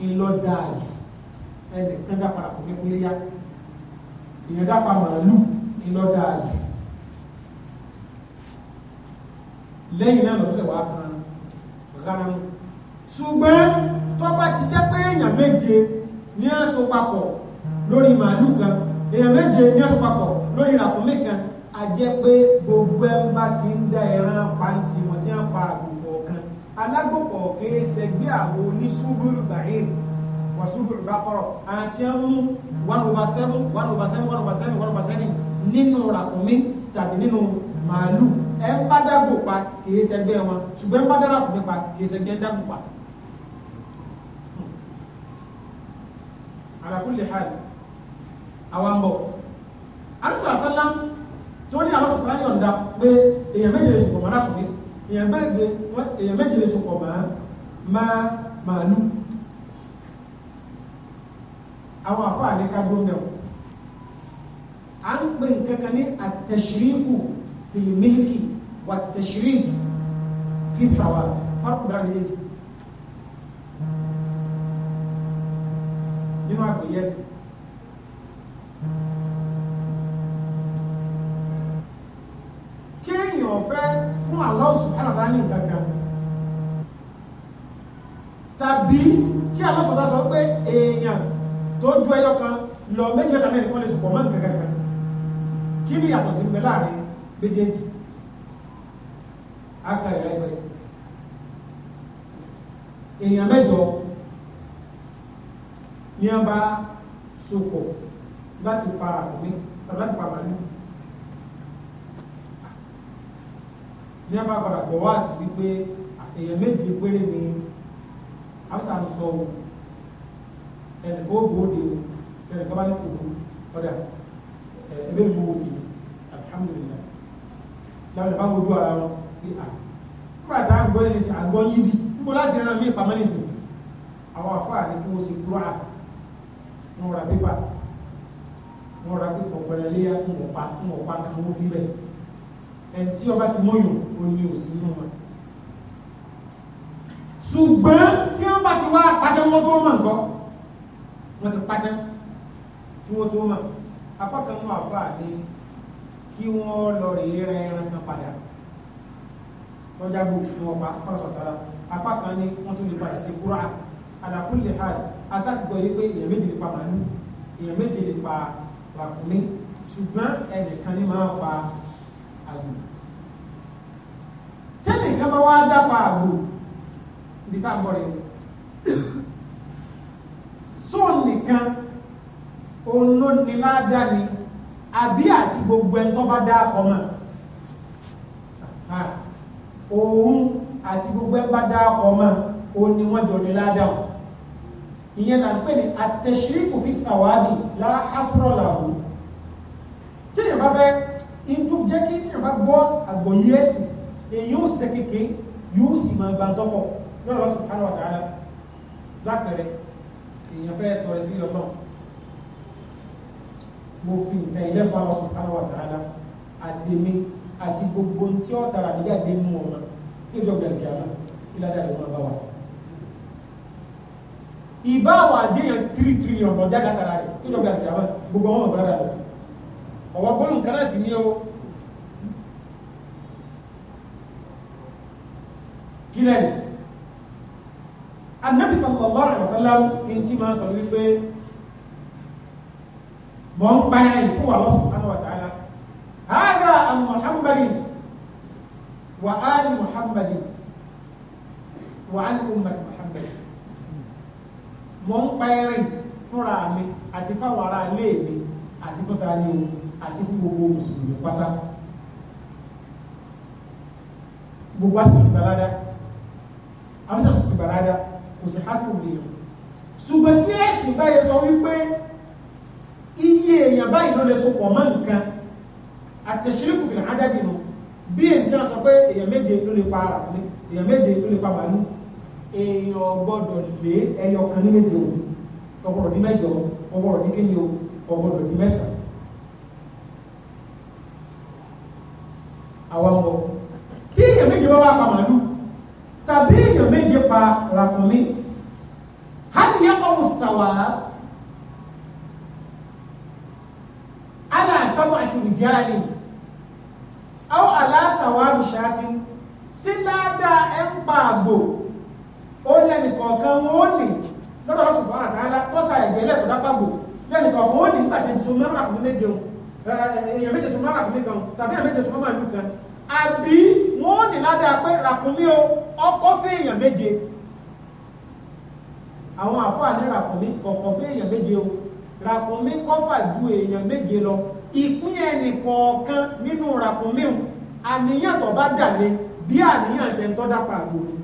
ńlọ dáa jù ẹnìkan dá pa ràkúnmí fúnléyà ìyẹn dápa màálù ní lọ́dà jù lẹ́yìn náà lọ́sẹ̀ wá kan rárá ṣùgbọ́n tó bá ti jẹ́ pé èèyàn méje ní ẹ̀sùn papọ̀ lórí màálù kan èèyàn méje ní ẹ̀sùn papọ̀ lórí ràkúnmí kan a jẹ́ pé gbogbo ẹ̀ ti ń da ẹran pàǹtí wọn tí wọ́n pa àgbòkọ̀ kan alágbòkọ̀ kìí ṣẹgbẹ́ àwọn oníṣúgbùrù bàyè wàṣúgbùrù bá kọ̀rọ̀ àti ẹ̀ one over seven one over seven one over seven one over seven nínú ràkúnmí tàbí nínú màálù ẹ ń bá dágbò pa kìí ṣẹgbẹ́ wọn ṣùgbọ́n ń bá dá ràkúnmí pa kìí ṣẹgbẹ́ ń dágbò pa. Hmm. ala kulli hal àwọn ń bọ̀ alisa asalam tó ní alasa asalam yọ̀ǹda pé èèyàn méje lè sopọ̀ mọ́ ràkúnmí èèyàn méje lè sopọ̀ mọ́ màálù àwọn àfa àlékà dó mẹ́wọ̀ à ń pè nkankan ní àtẹ̀síríkù fìlímílìkì wà tẹ̀síríkù fífàwà fákùdà nìyẹn nínú àgbèyẹ sí. kéèyàn fẹ́ fún Allah subhanahu wa ta'ala ní nǹkan kan tàbí kí Allah subhanahu sọ pé èèyàn tó ju ẹyọ kan lọ méjì mẹ́ta mẹ́rin wọ́n lè sọ̀pọ̀ mọ́ nǹkan kankan kí ni ìyàtọ̀ ti ń bẹ láàrin méjèèjì ákàrẹ̀ láìpẹ́ èèyàn mẹ́jọ ní a bá sopọ̀ láti pa àkùnrin tàbí láti pa màálù ní a bá padà bọ̀ wá sí wípé èèyàn méje péré ni àbísà ń sọ ohun ẹnì kan ó gbòóde o ẹnì kan bá ní kò kú ọ̀dà ẹbí mi wò di alhamdulilah láwọn ìbá wojú ara wọn pé à nígbà tá à ń gbọ́ ní ìsìn à ń gbọ́ yí di níbo láti rán mi ìpamọ́ ní ìsìn àwọn afáà ní kí wọ́n ṣe kúrò à wọ́n ra pépà wọ́n ra pépà ọ̀pẹ̀lẹ̀ léyà ń wọ̀ pa ń wọ̀ pa kàn wọ́n fi bẹ̀ ẹni tí ọba ti mọ́yàn ó ní òsì nínú wọn ṣùgbọ́n tí wọ́n bá ti wá àpájọ́ mọ́tò mọ̀ nǹkan wọ́n ti pátá kí wọ́n tó mọ̀ apá kan mú àfa ní kí wọ́n lọ rèé rẹ ẹran kan padà wọ́n jágbó kí wọ́n pa pàṣọ̀tara apá kan ní wọ́n tún lè padà sí kúrà àdàkùnlé ha asátìgbọ̀ yìí pé èèyàn méjì lè pa màálù èèyàn méjì lè pa ràkúnmí ṣùgbọ́n ẹnìkan ní máa pa àgbò tẹ́nìkan bá wá dápa àgbò ibi bọ̀ rẹ̀ sóò nìkan òun ló ní máa dá ni àbí àti gbogbo ẹni tó bá dá akọ mọ ah, òun àti gbogbo ẹni bá dá akọ mọ òun ni wọn jọ ní ládàá ìyẹn là ń pè ní àtẹ̀síríkù fi tàwádì láhásírọ̀ làwọn tí èèyàn bá fẹ́ ìtú jẹ́ kí tí èèyàn bá gbọ́ àgbòyé ẹ̀sìn èyí ó ṣe kéke yóò sì máa gbàǹtọ́pọ̀ lọ́dọ̀ lọ́sùn kánú àtàrà lápẹ̀rẹ̀ èèyàn fẹ́ tọrẹ sí ọlọ́run mo fi nǹkan ìlẹ́fọ́ àwọn subhanahu wa ta'ala àtẹ̀mí àti gbogbo tí ó tara níjáde mú ọmọ tí ìjọba ìgbàlejò àmà ìlàdà ìlú máa bá wà. ìbá àwọn àjẹyàn tírí tírílíọ̀n lọ jáde látara rẹ̀ tí ìjọba ìgbàlejò àmà gbogbo ọmọ ìgbàlejò àmà ọ̀wọ́ gbólóhùn kan náà sì ní o kílẹ̀ ni anabi sallallahu alaihi wasallam ní tí máa sọ wípé mọ̀ ń pa ẹ̀yìn fún wa subhanahu wa ta'ala hada an muhammadin wa ali muhammadin wa an ummati muhammadin mọ̀ ń pa ẹ̀yìn fúnra mi àti fáwọn ará mi àti fúnta ní ohun àti fún gbogbo mùsùlùmí pátá gbogbo àsìkò ìgbàládá àwọn kò sí hásìlù èèyàn ṣùgbọ́n tí ẹ̀sìn báyìí sọ wípé iye èèyàn báyìí ló lè sopọ̀ mọ́ nǹkan àtẹ̀ṣẹ́kù fìlà ádádì nù bí èyí tí wọ́n sọ pé èèyàn méje ló lè pa ara mi èèyàn méje ló lè pa màálù èèyàn gbọ́dọ̀ lé ẹyọ kan ní méje o ọgbọ́dọ̀ di mẹ́jọ ọgbọ́dọ̀ di kíni o ọgbọ́dọ̀ di mẹ́sàn-án àwọn ọmọ tí èèyàn méje bá wà pa màálù nípa ràkúnmí hali yẹpọ̀ sàwà ala sábà àti rìjáàlì àwọn aláṣàwà bìṣáàtì sí ládàá ẹ̀ ń pa àgbò ó lẹ́nì kọ̀ọ̀kan ó nì lọ́dọ̀ ọ̀sùn bọ́ọ̀rọ̀ tààlà tọ́ta ẹ̀jẹ̀ lẹ́kọ̀ọ́ dápàgbò lẹ́nì kọ̀ọ̀kan ó nì nígbà tí ìṣòro mẹ́rin àkùnrin méje o èèyàn méje sọ mẹ́rin àkùnrin kan tàbí èèyàn méje sọ mẹ́rin àlù kan àbí wọ́n nì ládàá pé ràkúnmí o ọkọ̀ fèèyàn méje àwọn àfáà ní ràkúnmí ọkọ̀ fèèyàn méje o ràkúnmí kọ́fà ju èèyàn méje lọ ìpín ẹnì kọ̀ọ̀kan nínú ràkúnmí o àníyàn tó bá dàlẹ̀ bí àníyàn tẹ̀ ń tọ́ dápa àgbò ni.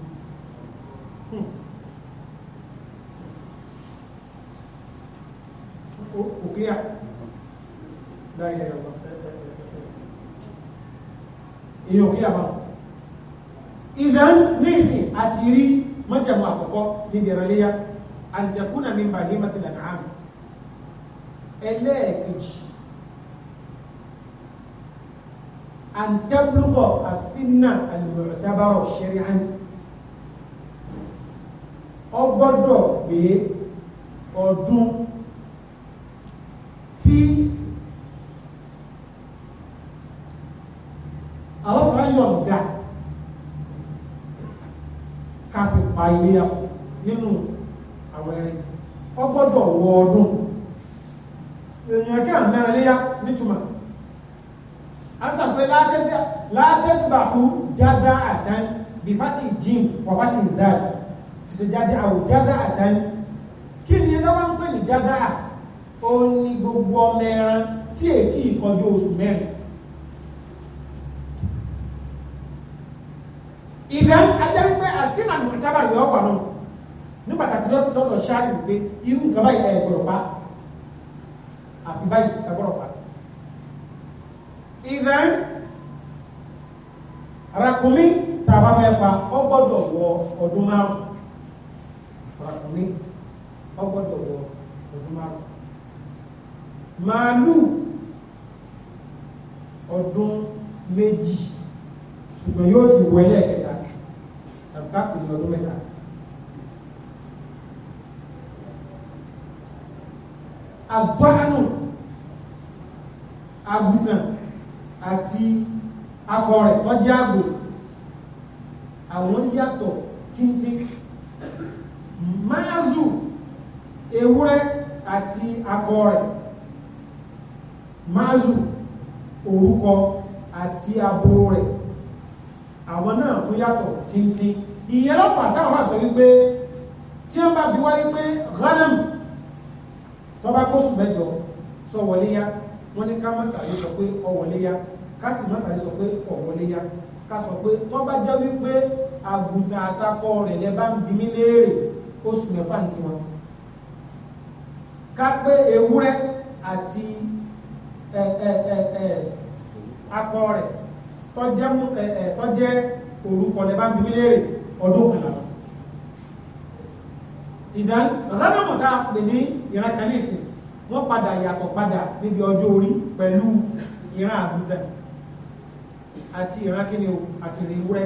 òkè à láyé ẹ̀rọ ìyókè àwọn ìdán nísìn àti rí mọ́jẹ̀mú àkọ́kọ́ níbi ìrànlẹ́yà àǹtẹ̀kùnà mi bàlẹ́ mọ́tìlá náà ẹlẹ́ẹ̀kejì àǹtẹ̀blùkọ̀ àsínà àlùmọ̀tàbárọ̀ ṣẹ́rí án ọgbọ́dọ̀ pé ọdún tí àwọn sọ̀rọ̀ yọ̀ǹda. àìlera nínú àwọn ẹran yìí ó gbọ́dọ̀ wọ ọdún èèyàn kí àmì àríyá nítumọ̀ a sọ pé látẹ́gbàkú jáde àtàn bí fati jim wà fati dal kìsì jáde àwò jáde àtàn kí ni ẹgbẹ́ wọn ń pè ní jáde à ó ní gbogbo ọmọ ẹran tí èyí tí ìkọjú oṣù mẹ́rin ìfẹ́ ajá wípé àsínà nìkàbà yọ wà náà ní pàtàkì lọ́dọ̀ ṣáàrì wípé irú nǹkan báyìí ẹ̀ gbọ́dọ̀ pa àfi báyìí ẹ̀ gbọ́dọ̀ pa. ìfẹ́ rakumi tàbá fẹ́ pa ọ gbọ́dọ̀ wọ ọdún márùn rakumi ọ gbọ́dọ̀ wọ ọdún márùn màálù ọdún méjì ṣùgbọ́n yóò ti wọlé ẹ̀ káàkiri ní ọdún mẹ́ta àgbáànù àgùntàn àti akọ rẹ̀ ọjọ́ àgbò àwọn yàtọ̀ tíntín máàzù ewúrẹ́ àti akọ rẹ̀ máàzù orúkọ àti abo rẹ̀ àwọn náà tó yàtọ̀ tíntín ìyẹn lọ́fà táwọn máa sọ wípé tí wọ́n bá bí wá wípé ghanam tó bá gbóṣù mẹ́jọ sọ wọlé yá wọ́n ní ká má sàrí sọ pé ọ wọlé yá ká sì má sàrí sọ pé ọ wọlé yá ká sọ pé tó bá jẹ́ wípé àgùntàn àtakọ rẹ̀ lẹ bá ń bi mí léèrè oṣù mẹ́fà ní tiwọn ká pé ewúrẹ́ àti akọ rẹ̀ tọ́jẹ́ orúkọ ní bá ń bíbí léèrè ọdún kan lára ìdán ránámù tá a pè ní ìran kan nísìn wọ́n padà yàtọ̀ padà níbi ọjọ́ orí pẹ̀lú ìran àgùntàn àti ìran kíni o àti ìran ewúrẹ́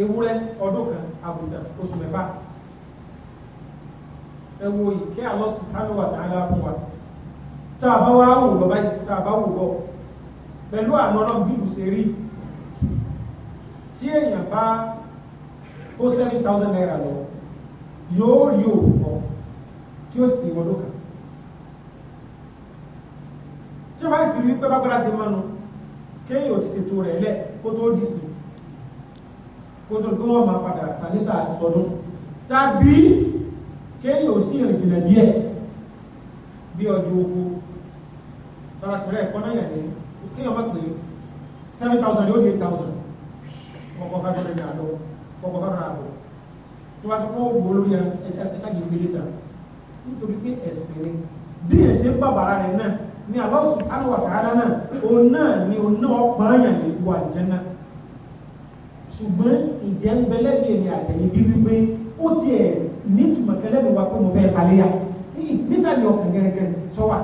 ewúrẹ́ ọdún kan àgùntàn oṣù mẹ́fà ẹ wo ìkẹ́ Allah subhanahu wa ta'ala fún wa tá a bá wá wò lọ báyìí tá a bá wò bọ̀ pẹ̀lú àná ọlọ́run bí ìlú ṣe rí tí èèyàn bá kó seven thousand naira lọ yóò rí òwúkọ tí ó sì wọ́n lókàn tí ó bá sì rí pé bágbára ṣe mọ́nu kéèyàn ò ti ṣètò rẹ̀ lẹ̀ kó tó dì sí kó tó gbé wọn máa padà rà níta àti tọdún tàbí kéèyàn ò sí ìrìn jìnà bí ọjọ́ oko tọ́ra pẹ̀lẹ́ ẹ̀kọ́ náà yẹn ní kéèyàn má pè seven thousand ní di eight thousand kọ́kọ́ fẹ́ kọ́kọ́ náà lọ́wọ́ kọ́kọ́ fẹ́ ràn àbọ̀ tó bá fi kọ́ ògbó lórí ẹ̀ṣáàgì ìgbélé ta nítorí pé ẹ̀sìn ni bí ẹ̀sìn bàbàrà rẹ̀ náà ni Allah subhanahu wa ta'ala náà òun náà ni òun náà ọgbọ́n yàn lè wọ àlùjánnà ṣùgbọ́n ìjẹ́ ń bẹ́lẹ́bí èmi àtẹ̀yìn bí wípé ó ti ẹ̀ ní ìtumọ̀ kẹlẹ́bí wa pé mo fẹ́ paléyà nísàlẹ̀ ọkàn gẹ́gẹ́ sọ́wà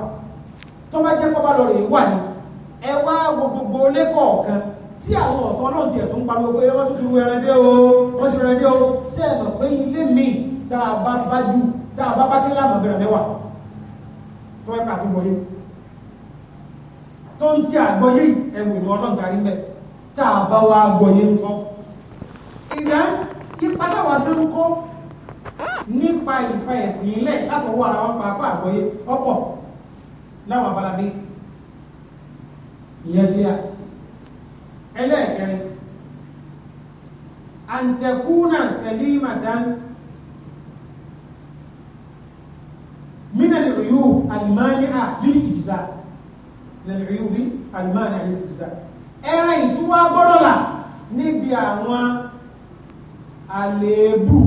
tó bá jẹ́ pọ́ bá lọ rè wà ní ẹ wá gbogbo lẹ́kọ̀ọ̀kan tí àwọn ọ̀tọ́ náà tiẹ̀ tó ń pariwo pé wọ́n tún fi ru ẹran dé o wọ́n ti rẹ̀ dé o ṣé ẹ mọ̀ pé ilé mi tá a bá bá ju tá a bá bá kí láàmú bẹ̀rẹ̀ mẹ́wàá tó ẹ̀ pàtó wọlé tó ń tí àgbọ̀yé ẹ̀wù ìmọ̀ ọlọ́run tàrí mẹ́ tá a bá wá àgbọ̀yé ńkọ́ ìyá ipa táwọn tó ń kọ́ nípa ìfẹ́ ẹ̀sìn ilẹ̀ látọwọ́ ara wọn pàápàá àgbọ̀yé ọ̀pọ̀ láwọn abala mi ìyẹn fi hàn ẹlẹ́ẹ̀kẹrin àǹtẹ̀kúnà sẹ̀límàdán mínàlì ríú alìmáàlì à lílì ìjìzá lẹ́lì ríú bí alìmáàlì à lílì ìjìzá ẹran ìtúwà gbọ́dọ̀là níbi àwọn àlèébù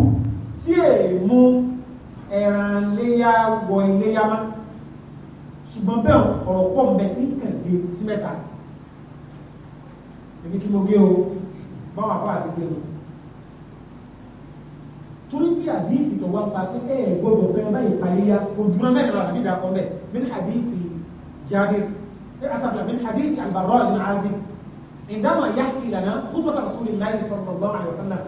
tí èèmú ẹran léyà wọ iléyàmá ṣùgbọ́n bẹ́ẹ̀ ọ̀rọ̀ pọ̀ mbẹ́ nǹkan sí mẹ́ta èmi kí mo gbé o báwọn afọ àti gbé mi torí bí àdìsí tó wá pa pé ẹ gbọ́dọ̀ fẹ́ràn báyìí paríyá ojúmọ́ mẹ́rin lọ àdìdà kan bẹ́ẹ̀ min hadithi Jabir ẹ asàbìlà min hadithi al-Barra' ibn Azib indama yahki lana khutbata rasulillahi sallallahu alaihi wasallam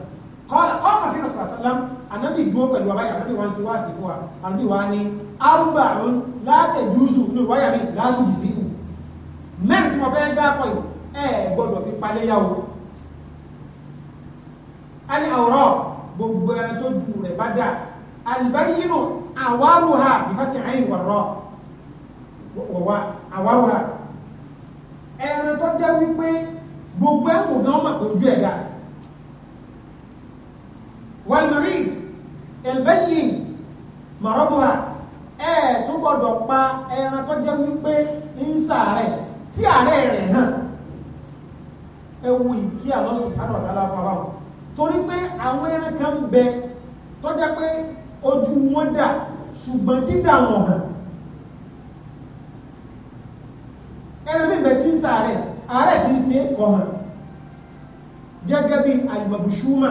qala qama fi rasul sallam anabi dúró pẹ̀lú wa báyìí anabi wọn si wá sí fún wa anabi wa ni arba'un la tajuzu ní wáyà mi la tujzi'u ẹ gbọ́dọ̀ fi paléyà o ali àwòrán gbogbo ẹran tó ju rẹ̀ bá dà albayinu àwáruha bifati ayin wàrọ̀ wọ̀wá àwáruha ẹran tó jẹ́ wípé gbogbo ẹ̀wọ̀n gan ọmọ ojú ẹ̀ dà wàlmọ̀rí ẹ̀lbẹ́yìn mọ̀rọ́dùhà ẹ̀ tó gbọ́dọ̀ ẹran tó jẹ́ wípé ń sàárẹ̀ tí àárẹ̀ rẹ̀ hàn ẹwu ìkí àlọ́sùn hánà ọ̀tàlá fún abáwọn torí pé àwọn ẹran kan ń bẹ tó jẹ́ pé ojú wọn dà ṣùgbọ́n dídà wọn hàn ẹran mi bẹ ti ń sàárẹ̀ ààrẹ ti ń ṣe kọ̀ hàn gẹ́gẹ́ bí àgbàbùṣúmà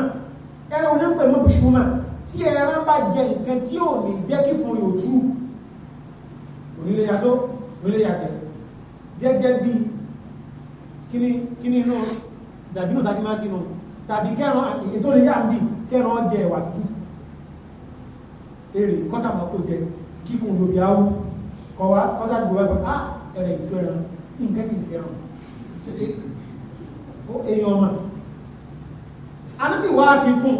ẹran onípe mọ̀bùṣúmà tí ẹran bá jẹ nǹkan tí ò ní jẹ́ kí fún rẹ̀ ojú onílé yasó onílé yàgbẹ́ gẹ́gẹ́ bí kíni kí ni inú dàbínú tàbí má sínú tàbí kẹran ètò lè yà ń bì kẹran jẹ ẹwà tútù èrè kọsàmọ kò jẹ kíkùn ló fi áwù kọwa kọsàmọ gbogbo ẹgbẹ á ah, ẹrẹ ìtú ẹran nǹkan sì ń sẹran èèyàn ọmọ anábì wàá fi kún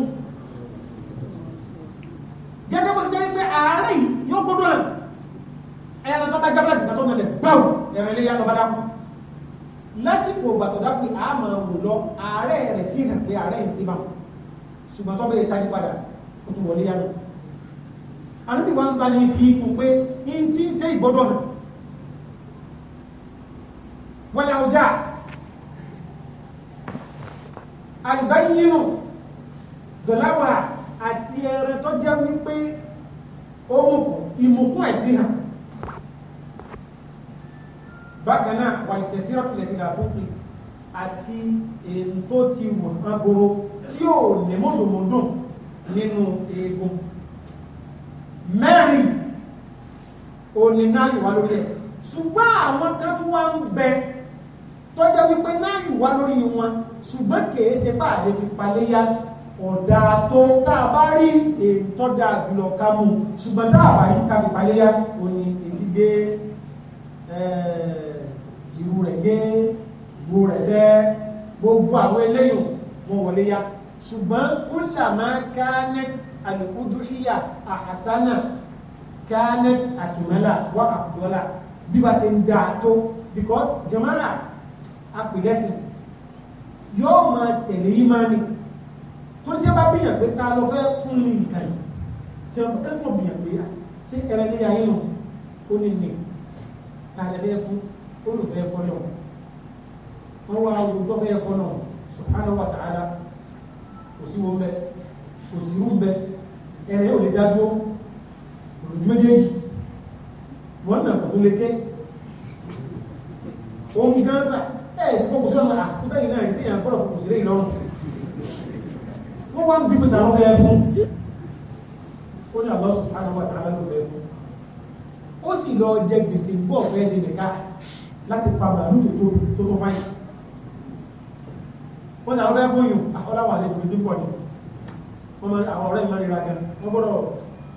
gẹ́gẹ́ bó ti jẹ́ pé àárẹ̀ yóò gbọ́dọ̀ ẹran tó bá jábọ̀ láti ìgbà tó nàlẹ̀ gbáwò ẹ̀rẹ̀ ilé yá lọ́ba dákú lásìkò gbàtọ̀dá pé a máa wò lọ ààrẹ rẹ̀ sí hàn pé ààrẹ yìí sí bá ṣùgbọ́n tó bẹ̀rẹ̀ tají padà ó tún wọlé yára àlùbí wa ń bá ní fi kún pé n tí ń ṣe ìgbọ́dọ̀ hàn wọlé ọjà àlùbáyínú dọ̀láwà àti ẹran tó jẹ́ wípé ó ìmùkún ẹ̀ sí hàn bákan náà wàlìkẹsí ọ̀tìlẹ̀tì làtúntì àti èyí tó ti wọ̀n kan gbòòrò tí ò lè mọ̀dùnmọ̀dùn nínú eegun mẹ́rin òní náà yìí wá lórí ẹ̀ ṣùgbọ́n àwọn kan tó wá ń bẹ tọ́jọ́ wípé náà yìí wá lórí wọn ṣùgbọ́n kìí ṣe bá àlè fi paléyà ọ̀dà tó tá a bá rí ètò dáa jùlọ ká mú ṣùgbọ́n tá a bá rí ká fi paléyà òní ètí dé ẹ̀ẹ́ ìrù rẹ̀ gé ìrù rẹ̀ sẹ́ gbogbo àwọn eléyìn wọn wọlé ya ṣùgbọ́n kúlàmá kánẹ́t àlùkúdúhíyà àhásánà kánẹ́t àkìmọ́là wà àfùdọ́là bí bá ṣe ń dáa tó because jamana apìlẹ́sìn yóò máa tẹ̀lé yí máa ní tó jẹ́ bá bíyàn pé ta lọ fẹ́ fún ní nǹkan yìí tí wọ́n kẹ́kọ̀ọ́ bíyàn pé ṣé ẹrẹ́lẹ́yà yìí nù ó ní ní ta lẹ́fẹ́ fún olùfẹ́ fọ́nà wọ́n wá olùtọ́fẹ́ fọ́nà subhanahu wa ta'ala kò sí wọn bẹ kò sí wọn bẹ ẹ̀rẹ̀ yóò lè dádúró olùjú méjèèjì wọ́n nà kò tó lè tẹ́ òun gan rà ẹ̀ sí fọ́kùsí ọ̀nà à sí bẹ́ẹ̀ náà sí ìyàn fọ́lọ̀ fọ́kùsí lẹ́yìn lọ́rùn wọ́n wá ń bí pẹ̀tà wọ́n fẹ́ fún ó ní Allah subhanahu wa ta'ala ló fẹ́ fún ó sì lọ jẹ gbèsè gbọ́ fẹ́ sí nìkan láti pa màálù tó tó tó fáyìn wọ́n tàbí fẹ́ fún yùn ah, ọláwà lè jù tí pọ̀ ní wọ́n máa àwọn ọ̀rẹ́ ìmọ̀lera gan wọ́n gbọ́dọ̀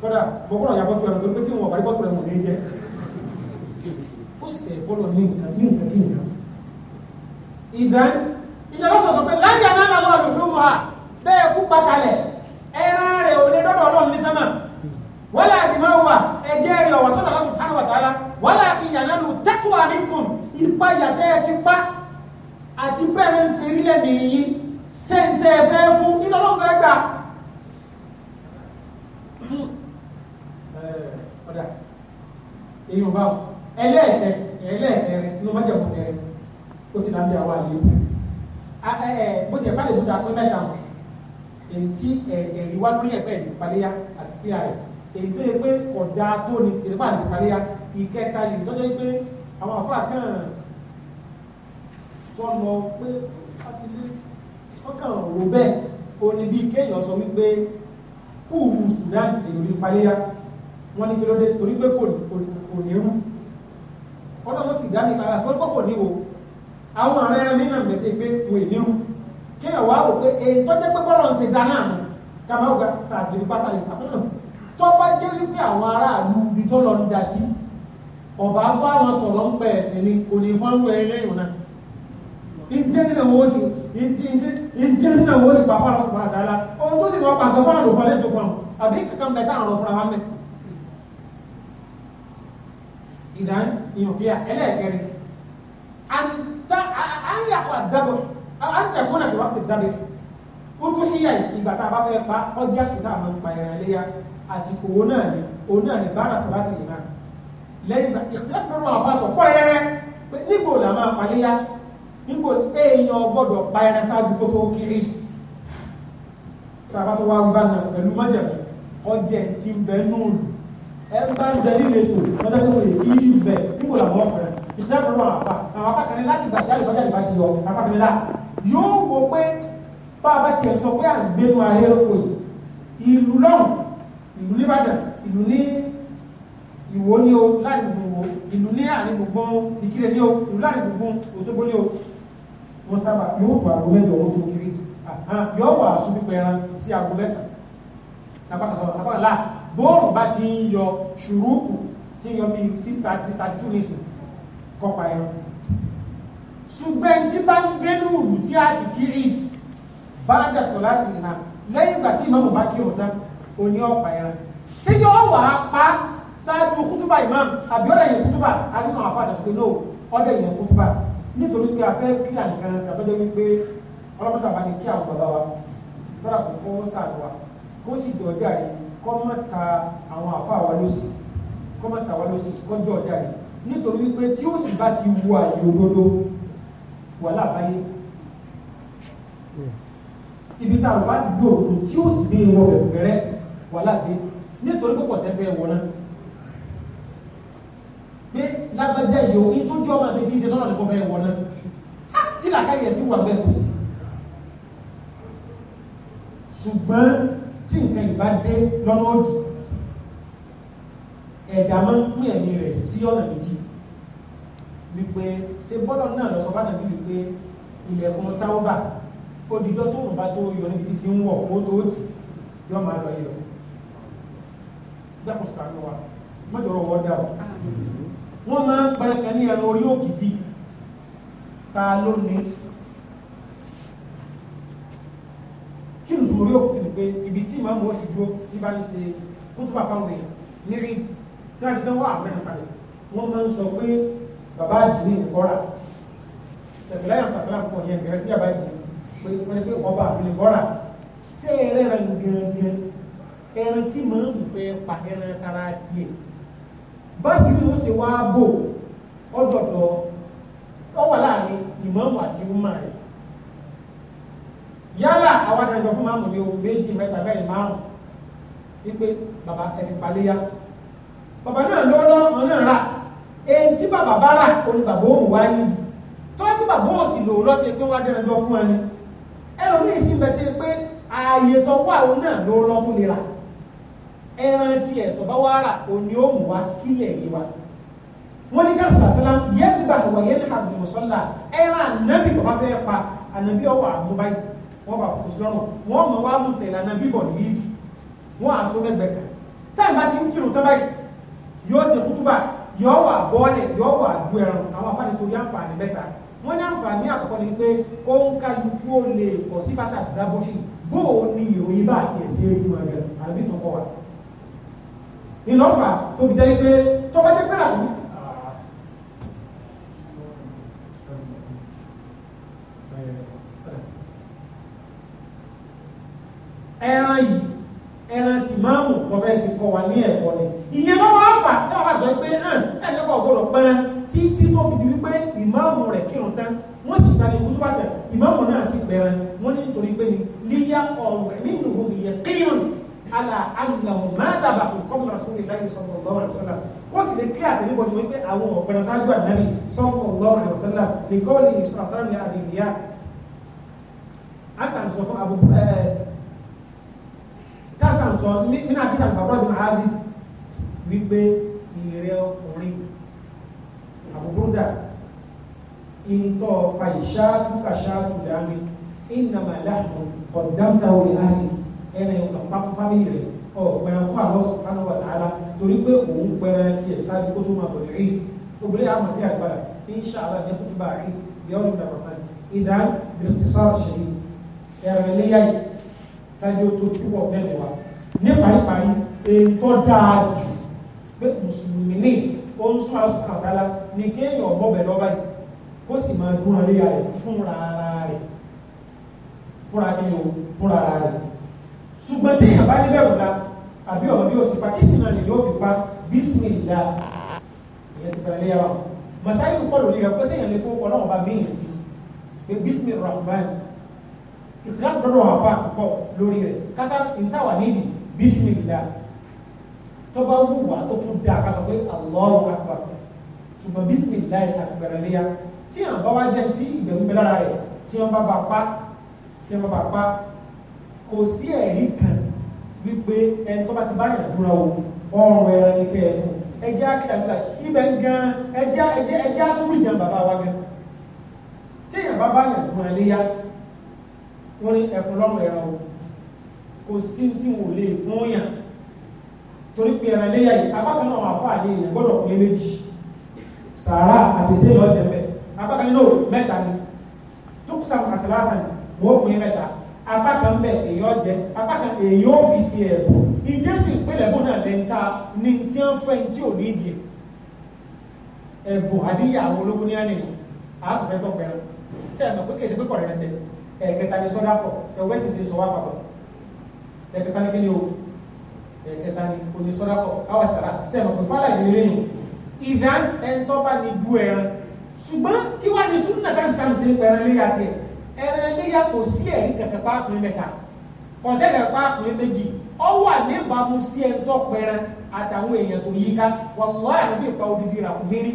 kọ́dà gbọ́dọ̀ yà fọ́tò ẹ̀rọ tó pé tí wọ́n bàrí fọ́tò ẹ̀rọ ní jẹ́ ó sì fẹ́ fọ́lọ̀ ní nǹkan ní nǹkan ní nǹkan ìdán ìjọba sọ̀sọ̀ pé láyé aná làwọn àlùfẹ́ mọ́ bẹ́ẹ̀ kú pàkalẹ̀ ẹran rẹ̀ ò wala àdìmáwà ẹ̀jẹ̀ rẹ̀ ọ̀wọ̀ sọ́dọ̀ Allah subhanahu wa ta'ala wala ìyànánu taqwa minkum ìpayà tẹ́ ẹ fi pa àti bẹ́ẹ̀rẹ̀ ń ṣe rí lẹ́mìí yín sẹ́ńtẹ́ ẹ fẹ́ fún iná ló ń fẹ́ gbà. ọ̀dà èyí ò bá wọn ẹlẹ́ẹ̀kẹ́ ẹlẹ́ẹ̀kẹ́rin inú mọ́jẹ̀ ó ti lábẹ́ àwọn àlẹ́ bó ti ẹ̀ bá lè bó ta pé mẹ́ta èyí tí ẹ̀rí wá lórí ẹ̀pẹ́ ìdìpaléyà àti píà rẹ̀ èyí tó yẹ pé kọ̀dá tó ni ìdíbà ní ìparíyá ìkẹta lè tọ́jú pé àwọn àfa kan sọnù pé fásilé ọkàn rò bẹ́ẹ̀ o ní bí kéèyàn sọ wípé kúùrù Sudan èrò ní ìparíyá wọ́n ní kílódé torí pé kò ní rú ọlọ́run sì dá ní ara pé kókò ní o àwọn ààrẹ ẹran mi náà mẹ́tẹ́ pé mo ì ní rú kéèyàn wá wò pé èyí tó pé bọ́lọ̀ dáná àná ká gba sàásìlè fipá àkókò tó bá jẹ́ wípé àwọn aráàlú ibi tó lọ ń da sí ọ̀bá bá wọn sọ̀rọ̀ ń pẹ̀ ẹ̀sìn ni kò ní fọ́n rú ẹni lẹ́yìn náà ìdí ẹni náà wọ́n sì ìdí ẹni náà wọ́n sì pa fáwọn sọ̀rọ̀ àdáyà ohun tó sì lọ pa àgbẹ̀ fáwọn òfò lẹ́tọ̀ fún àbí kankan bẹ̀ táwọn ọ̀rọ̀ fúnra wa mẹ́ ìdáhùn ìyàn kíá ẹlẹ́ẹ̀kẹrin à ń yàkọ̀ àdábọ̀ à ń tẹ̀kọ́ náà fi wá ti dábẹ̀ ó dún híyà ìgbà tá a bá fẹ́ pa ọjà sùn tá a ẹlẹ́yà àsìkò òun náà ni òun náà ni bára sọ láti lè máa lẹ́yìn ìgbà ìtìlẹ́sì náà wà fún àtọ̀ pọ̀ rẹ́rẹ́ pé nígbò là máa paléyà nígbò èèyàn gbọ́dọ̀ pa ẹran ṣáájú kó tó kéré tàbá tó wá wí bá náà pẹ̀lú mọ́jẹ̀mú ọjẹ́ ti ń bẹ núùlù ẹ bá ń bẹ nílé tò lọ́jọ́ tó lè kí í bẹ nígbò là mọ́ ọkùnrin ìtìlẹ́sì náà wà fà àwọn apákanlẹ̀ láti gbà ìlú nìbàdàn ìlú ní ìwò ní o láàrin gbogbo ìwò ìlú ní àárín gbogbo ìkírè ní o ìlú láàrin gbogbo òṣogbo ní o wọn sábà yóò tó àgbo mẹ́jọ wọn fún kiri yóò wà aṣọ pípẹ́ ẹran sí àgbo mẹ́sàn lápákasọ lápákàlá bóòrùn bá ti ń yọ ṣùrùkù tí ń yọ bíi six thirty six thirty two nísìn kọpa ẹran ṣùgbọ́n tí bá ń gbénú òrù tí a ti kiri bá dàsọ̀ láti nà lẹ́yìn ìgbà tí ìmọ̀mù bá kírun tán oní ọ̀pá ẹran sí yọ wà á pa ṣáájú kútúbà imam àbí ọ̀dà yẹn kútúbà àdínà àfa àtàtúgbé náà ọ̀dà yẹn kútúbà nítorí pé a fẹ́ kí àǹkan kàtọ́jọ́ wípé ọlọ́mọsàbá ni kí àwọn bàbá wa lọ́dà kò kó sàánú wa kó sì jọ ọjà rẹ kọ́ mọ́ ta àwọn àfa wa lọ́sì kọ́ mọ́ ta wa lọ́sì kọ́ jọ ọjà rẹ nítorí wípé tí ó sì bá ti wu àyè òdodo wà láàbáyé hmm. ibi tá a lọ bá ti gbé òkun tí ó sì gbé wọn bẹ̀rẹ̀ wàhálà dé nítorí pé kọ̀sẹ̀ fẹ́ wọ̀ náà pé lágbájá yìí o ìtọ́jú ọmọ ṣe ti ṣe sọ́nà ní kò fẹ́ wọ̀ náà tí làkàyè sí wà bẹ́ẹ̀ kò sí ṣùgbọ́n tí nǹkan ìbá dé lọ́nà ọ̀dù ẹ̀dá máa ń pín ẹ̀mí rẹ̀ sí ọ̀nà méjì wípé ṣe bọ́lọ̀ náà lọ sọ bá nàbí wípé ilẹ̀kùn táwọn bá odijọ́ tó ń bá tó yọ níbi títí ń wọ̀ kó tó tì yọ máa lọ yọ dàpọ̀ sànù wa mọ́jọ́rọ̀ wọ́n dà o wọ́n máa ń pẹrẹ kan ní ẹnu orí òkìtì ta ló kí n orí òkìtì ni pé ibi tí ìmáàmù ó ti dúró tí bá ń ṣe kútùbà fáwọn èèyàn ní rìd tí wọ́n ti tán wọ́n àpẹẹrẹ kalẹ̀ wọ́n máa ń sọ pé bàbá àdìní nìkọ́ra tẹ̀gbẹ̀láyà sàṣàlá pọ̀ yẹn bẹ̀rẹ̀ tí yàbá àdìní pé wọ́n ní pé ọba àdìní nìkọ́ra sí ẹ̀rẹ́ rẹ̀ gbẹ̀rẹ̀ ẹran tí màámù fẹ́ pa ẹran tara tiẹ̀ báṣì ni ó ṣe wá bò ọ̀dọ̀dọ̀ ọ wà láàrin ìmọ̀ọ́mù àti ọmọ rẹ̀ yálà àwọn adájọ́ fún màámù ni o méjì mẹ́ta mẹ́rin márùn wípé bàbá ẹ fi paléyà bàbá náà lọ́wọ́ lọ́wọ́ náà rà èyí tí bàbá bá rà ó ní bàbá òun wáyé dù tọ́lá pé bàbá òsì lòórọ́ ti pé wọ́n adájọ́ fún ẹni ẹlòmíì sì ń pé ààyè tó wà òun náà lọ́wọ́ lọ́wọ́ tó nira ẹran tiẹ̀ tó bá wá rà òní ó mú wa kílẹ̀ rí wa wọ́n ní káàsì àṣálá yẹ́dìbà wà yẹ́dìbà gbìmọ̀sọ́lá ẹran ànábì tó bá fẹ́ pa ànábì ọwọ́ àmúbáyì wọ́n bá fòkùsí lọ́rùn wọ́n mọ̀ wá mú tẹ̀lé ànábì bọ̀ ní yídì wọ́n àṣọ mẹ́gbẹ̀ẹ́ kan táì bá ti ń kírun tán báyìí yóò ṣe kútúbà yóò wà bọ́ọ̀lẹ̀ yóò wà du ẹran àwọn afáàní torí àǹfààní mẹ́ta wọ́n ní àǹfààní àkọ́kọ́ ni pé kó ń kálukú ó lè pọ̀ sí bàtà dábọ́ọ̀lì bóò ni ìròyìn bá àti ẹ̀sìn ẹ̀dùn ẹ̀gẹ̀ àbí tó wa ní lọ́fà tó fi jẹ́ pé tọ́ba jẹ́ pé ràkúnmí. ẹran yìí ẹran tí máàmù wọ́n fẹ́ fi kọ́ wa ní ẹ̀kọ́ ni ìyẹn lọ́wọ́ àfà tí wọ́n bá sọ pé hàn ẹ̀ẹ́dẹ́gbọ̀n gbọ́dọ̀ pẹ́rẹ́ títí tó fi di wípé ìmáàmù rẹ̀ kírun tán wọ́n sì gbani ìfúnṣú bàtẹ̀ ìmáàmù náà sì pẹ́rẹ́ wọ́n ní nítorí pé ní líyà ọ̀rọ̀ nínú òun ìyẹn kírun ala anahu mẹ́ta bá kò kọ́ mọ̀ fún ìlànà sọ̀rọ̀ lọ́wọ́ àlùsọ́lá kó sì lè kíyà sí níbo ni wọ́n pé àwọn ọ̀gbẹ̀rẹ̀ sáájú ànábì sọ̀rọ̀ lọ́wọ́ àlùsọ́lá lè kọ́ ní ìṣàṣàrò ní àdìyà asan sọ fún abu ẹ tasan sọ nínú àkíyà bàbá ọdún azi wípé ìrẹ ọkùnrin àbúgbóńdà ìntọ́ pàì ṣáàtú kà ṣáàtú dání ìnàmàlà ọ̀dàmtàwò ìhánìí ẹran ọ̀pá fún fámìlì rẹ̀ ọ̀ pẹ̀rẹ̀ fún Allah subhanahu wa ta'ala torí pé òun pẹ̀rẹ̀ tiẹ̀ sáájú kó tó máa bọ̀ rìd obìnrin àwọn tí a gbára insha Allah ní kó tó bá rìd bí ọ̀rùn ìgbà kan ìdá bìrìtìsọ́ ṣèyíd ẹ̀rọ ẹlẹ́yà yìí tájú tó túbọ̀ mẹ́rin wa ní paríparí ètò dáa jù pé mùsùlùmí ní ó ń sún aṣọ àtàlá ní kéèyàn ọ̀bọ̀bẹ̀ ṣùgbọ́n tí èèyàn bá níbẹ̀ rúra àbí ọ̀rọ̀ bí oṣù pàkísì náà lè yóò fi pa bísímìlá ìyẹn ti bẹ̀rẹ̀ léyàwó masáyé púpọ̀ lórí rẹ̀ pé sẹ́yìn lè fún ọkọ̀ náà bá míì sí pé bísímìlá rahman ìtìláfù lọ́dọ̀ wà fà púpọ̀ lórí rẹ̀ kásá ìntàwà nídìí bísímìlá tó bá wù wá ó tún dáa kásá pé Allahu akbar ṣùgbọ́n bísímìlá àti bẹ̀rẹ̀ léyà tí àwọn jẹ́ tí ìbẹ̀rù kò sí ẹ̀rí kan wípé ẹni tó bá ti báyà dúra o ọrùn ẹran ni kẹ́ ẹ fún ẹjẹ́ akíyàgbà ibẹ̀ ń gan ẹjẹ́ ẹjẹ́ ẹjẹ́ atúgbìjàn bàbá wa gan tí èèyàn bá báyà dúra léyà wọ́n ní ẹ̀fún lọ́rùn ẹran o kò sí tí wọn ò lè fún yàn torí pé ẹran léyà yìí abákan náà wà fún àlè èèyàn gbọ́dọ̀ pé méjì sàárà àtẹ̀tẹ̀ yìí ọ̀tẹ̀ bẹ́ẹ̀ abákan náà mẹ́ta ni tókùsà àtàlátà ni wọ́n pè é mẹ́ta apá kan bẹ èyí ọjẹ apá kan èyí ó fi si ẹbọ ìdí èsì ìpínlẹ̀ bó náà lè ń ta ní tí wọ́n fẹ́ tí ò ní ìdí ẹ̀bùn àdíyà àwọn olówó ní àná àtúfẹ́ tó pẹ̀rẹ̀ ṣe ẹ̀mọ̀ pé kèsì pípọ̀ rẹ̀ tẹ̀ ẹ̀kẹta ní sọ́dá pọ̀ ẹ̀wẹ́ sì ṣe sọ wá papọ̀ ẹ̀kẹta ní kíni o ẹ̀kẹta ní oní sọ́dá pọ̀ àwọn sàrà ṣe ẹ̀mọ̀ pé fálà ìdílé lẹ́yìn ìdán ẹ̀ńtọ́ bá ní du ẹran ṣùgbọ́n kí wá ní súnà táwọn sàmì sí ẹran ẹran iléyà kò sí ẹ̀rí kẹ̀kẹ́ pápín mẹ́ta kọ̀sẹ́kẹ̀ pápín méjì ọ wà níbàámu sí ẹ̀ tó pẹran àtàwọn èèyàn tó yí ká wàlúwà àdúgbò ìpa odidi rà kò mérí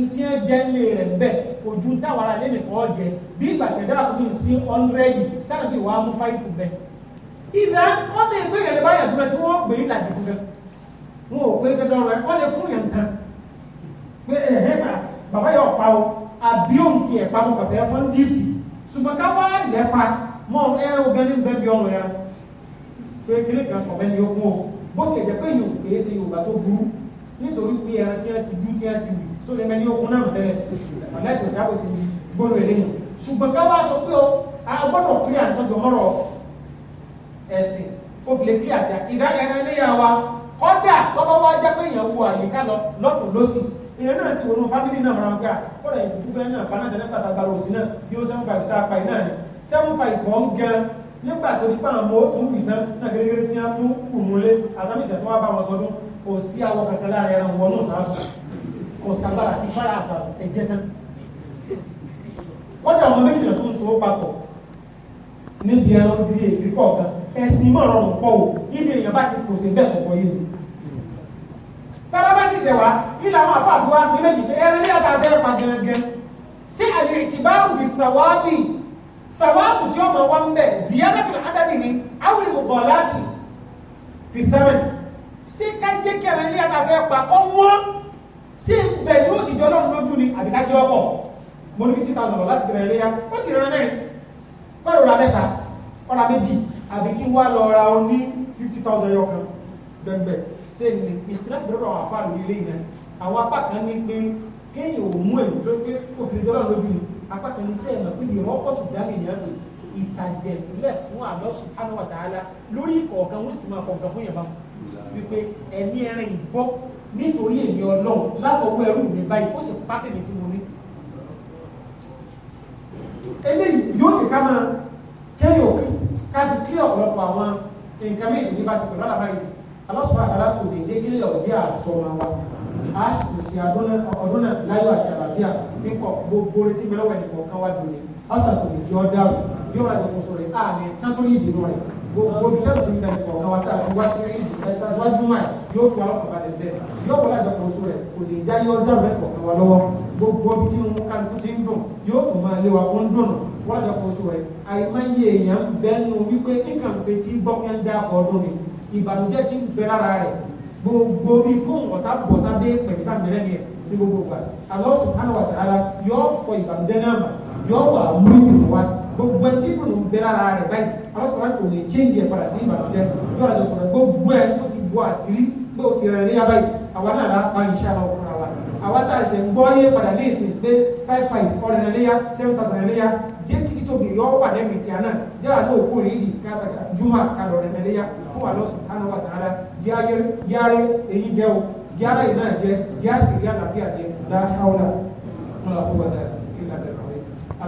ntí ẹ jẹ ń lé rẹ bẹ ojú táwọn ará lẹ́nu kọ́ jẹ bí ìgbà tí ẹ̀dá kò ní sí ọ̀nrẹ́dì táwọn bí wàá mú fáìfù bẹ. ìdá wọn lè gbé yẹlẹ báyà dúró tí wọn gbé ìlàjì fún gan wọn ò gbé dandan rẹ wọn lè fún yẹn tán pé ẹ̀hẹ́ bàbá yóò pa o àbí òun ti ẹ̀ pa mo kàfẹ́ fún gíftì ṣùgbọ́n ká wá lẹ́pa mọ́ ẹ obìnrin bẹ́ẹ̀ bí ọrùn yẹn pé kíní kan kọ̀ọ̀bẹ́ ni ó kún o bó ti jẹ́ pé yòó kèé ṣe Yorùbá tó burú nítorí pé ẹran tí wọ́n ti dú tí wọ́n ti wì sóde mẹ́ni ó kún náà tẹ́lẹ̀ ọ̀nà ìkòsí àkòsí gbọ́dọ̀ eléyìn ṣùgbọ́n ká wá sọ pé o agbọ́dọ̀ kí àtọ́jọ mọ́rọ̀ ẹ̀sìn kó fi lè kí àṣà ìdáyẹn ẹlẹ́yà wa kọ́dà tọ́bọ́ wá jẹ́ pé èèyàn wo àyíká lọ lọ́tún lọ́sìn ìyẹn náà sì wọnú fámìlì náà mọ̀ràn pé àkọ́dà ìdúfẹ́ náà fanátẹ́lẹ́ pàtàkì àlòsí náà bí ó sẹ́wọ́n fàìfì tá a pa iná ni sẹ́wọ́n fàìfì ọ̀hún gan nígbà tó ní pàrọ̀ mọ́ tó ń wì tán náà gẹ́gẹ́ tí a tún kù múlé àtàmì ìtẹ̀tún wa bá wọn sọdún kò sí awọ kankan lára ẹran wọn náà sàásù kò sàgbára àti fara àtà ẹ̀jẹ̀ tán. wọ́n dà àwọn méjìlá tó ń so papọ̀ níbi ẹran dídí èkìrí kọ̀ọ̀kan ẹ̀sìn mọ̀ rọrùn pọ̀ o ibi èèyàn bá ti pòsè bẹ́ẹ̀ kọ̀ọ̀kan yìí tọ́lá bá sì tẹ̀wá ilà àwọn àfáàfin wa ní méjì pé ẹran ní àtàfẹ́ pa gangan sí àlè ìtìbáwù bí sàwábì sàwábù tí ó mọ wá ń bẹ̀ ziyadatu adadi ni awuli mugolati fi sẹ́wẹ̀n sí kájé kí ẹran ní àtàfẹ́ pa kọ́ wọ́n sí bẹ̀ ni ó ti jọ lọ́run lójú ni àbí kájé ọkọ̀ mo ní fifty thousand láti bẹ̀rẹ̀ léyà ó sì rẹ̀ mẹ́rin kọ́ ló ra mẹ́ta ọ̀ra méjì àbí kí wá lọ ra ọ ní fifty thousand yọkan gbẹ̀ngbẹ̀ se ní ìtìlẹ́fì lọ́dọ̀ àwọn afáàlú ilé yẹn àwọn apá kan ní pé kéèyàn ò mú èyí tó pé òfin ìjọba lójú ni apá kan ní sẹ́yìn náà pé ìrọ́pọ̀ tó dá mi nìyẹn pé ìtàjẹ̀ ńlẹ̀ fún Allah subhanahu wa ta'ala lórí ìkọ̀ọ̀kan wọ́n sì ti máa kọ̀ọ̀kan fún yẹn bá wípé ẹ̀mí ẹran ìgbọ́ nítorí èmi ọlọ́run látọwọ́ ẹrú mi báyìí ó sì pàṣẹ mi tí mo ní. eléyìí yóò ní ká máa kéèyàn ká fi kílẹ̀ ọ̀pọ̀lọpọ̀ àwọn nǹkan méjì ní pẹ̀lú alábàárẹ̀ alásùpá àtàlà kò lè jẹ́ kílẹ̀ ọ̀jẹ́ àṣọ máa wà á sì kò sí ọdún náà láyọ̀ àti àlàáfíà nípa gbogbo retí mẹ́lọ́wọ́ ẹnì kọ̀ọ̀kan wá dùn ní ọ̀sà kò lè jọ dáàbò bí wọ́n àjọ kòsò rẹ̀ àmì tásórí ìdìbò rẹ̀ gbogbo ibi tẹ́lẹ̀ tí ń bẹ̀rẹ̀ kọ̀ọ̀kan wá tààrí wá sí rí ìtẹ̀síwájú máa yóò fi àwọn ọ̀bàdàn bẹ́ẹ̀ yóò wọlé àjọ kòsò rẹ̀ kò lè já yọ dáàbò ẹ̀kọ̀ọ̀kan wá lọ́wọ́ gbogbo ibi tí mo kálukú ti ń dùn yóò tún máa lé wa kó ń dùn wọ́n àjọ kòsò rẹ̀ àìmọye èèyàn bẹ́ẹ̀ nu wípé nǹkan fetí gbọ́kẹ́ ń dá ọdún ni ìbànújẹ́ ti ń bẹ lára rẹ̀ gbogbo bí kóhùn ọ̀sá bọ̀sá dé pẹ̀lú sàmìlẹ́ ni ẹ̀ ní gbogbo ìgbà Allah subhanahu wa ta'ala yóò fọ ìbànújẹ́ náà mà yóò wà mú ìdùnnú wa gbogbo ẹtí ìdùnnú ń bẹ lára rẹ̀ báyìí Allah subhanahu kò lè chéńjì ẹ̀ padà sí ìbànújẹ́ yóò rà jọ sọ̀rọ̀ gbogbo ẹ̀ tó ti bọ́ àṣírí gbogbo ti rẹ̀ ní abáyìí àwa náà lápá ìṣàlọ́ àwa tá a ṣe ń gbọ́ yé padà ní ìsìn pé five five ọ̀rẹ́ náà léyà seven thousand náà léyà jẹ́ kí tóbi yọ wà lẹ́nu ìtìyà náà jẹ́ àná òkú rẹ̀ yìí káàkiri jùmọ̀ kàdọ̀ rẹ̀ náà léyà fún wa lọ́sùn kánú wa tààrà jẹ́ ayé jẹ́ aré èyí bẹ́ẹ̀ o jẹ́ ara yìí náà jẹ́ jẹ́ àṣírí àlàáfíà jẹ́ láhàwọ́lá wọn làkúwàtà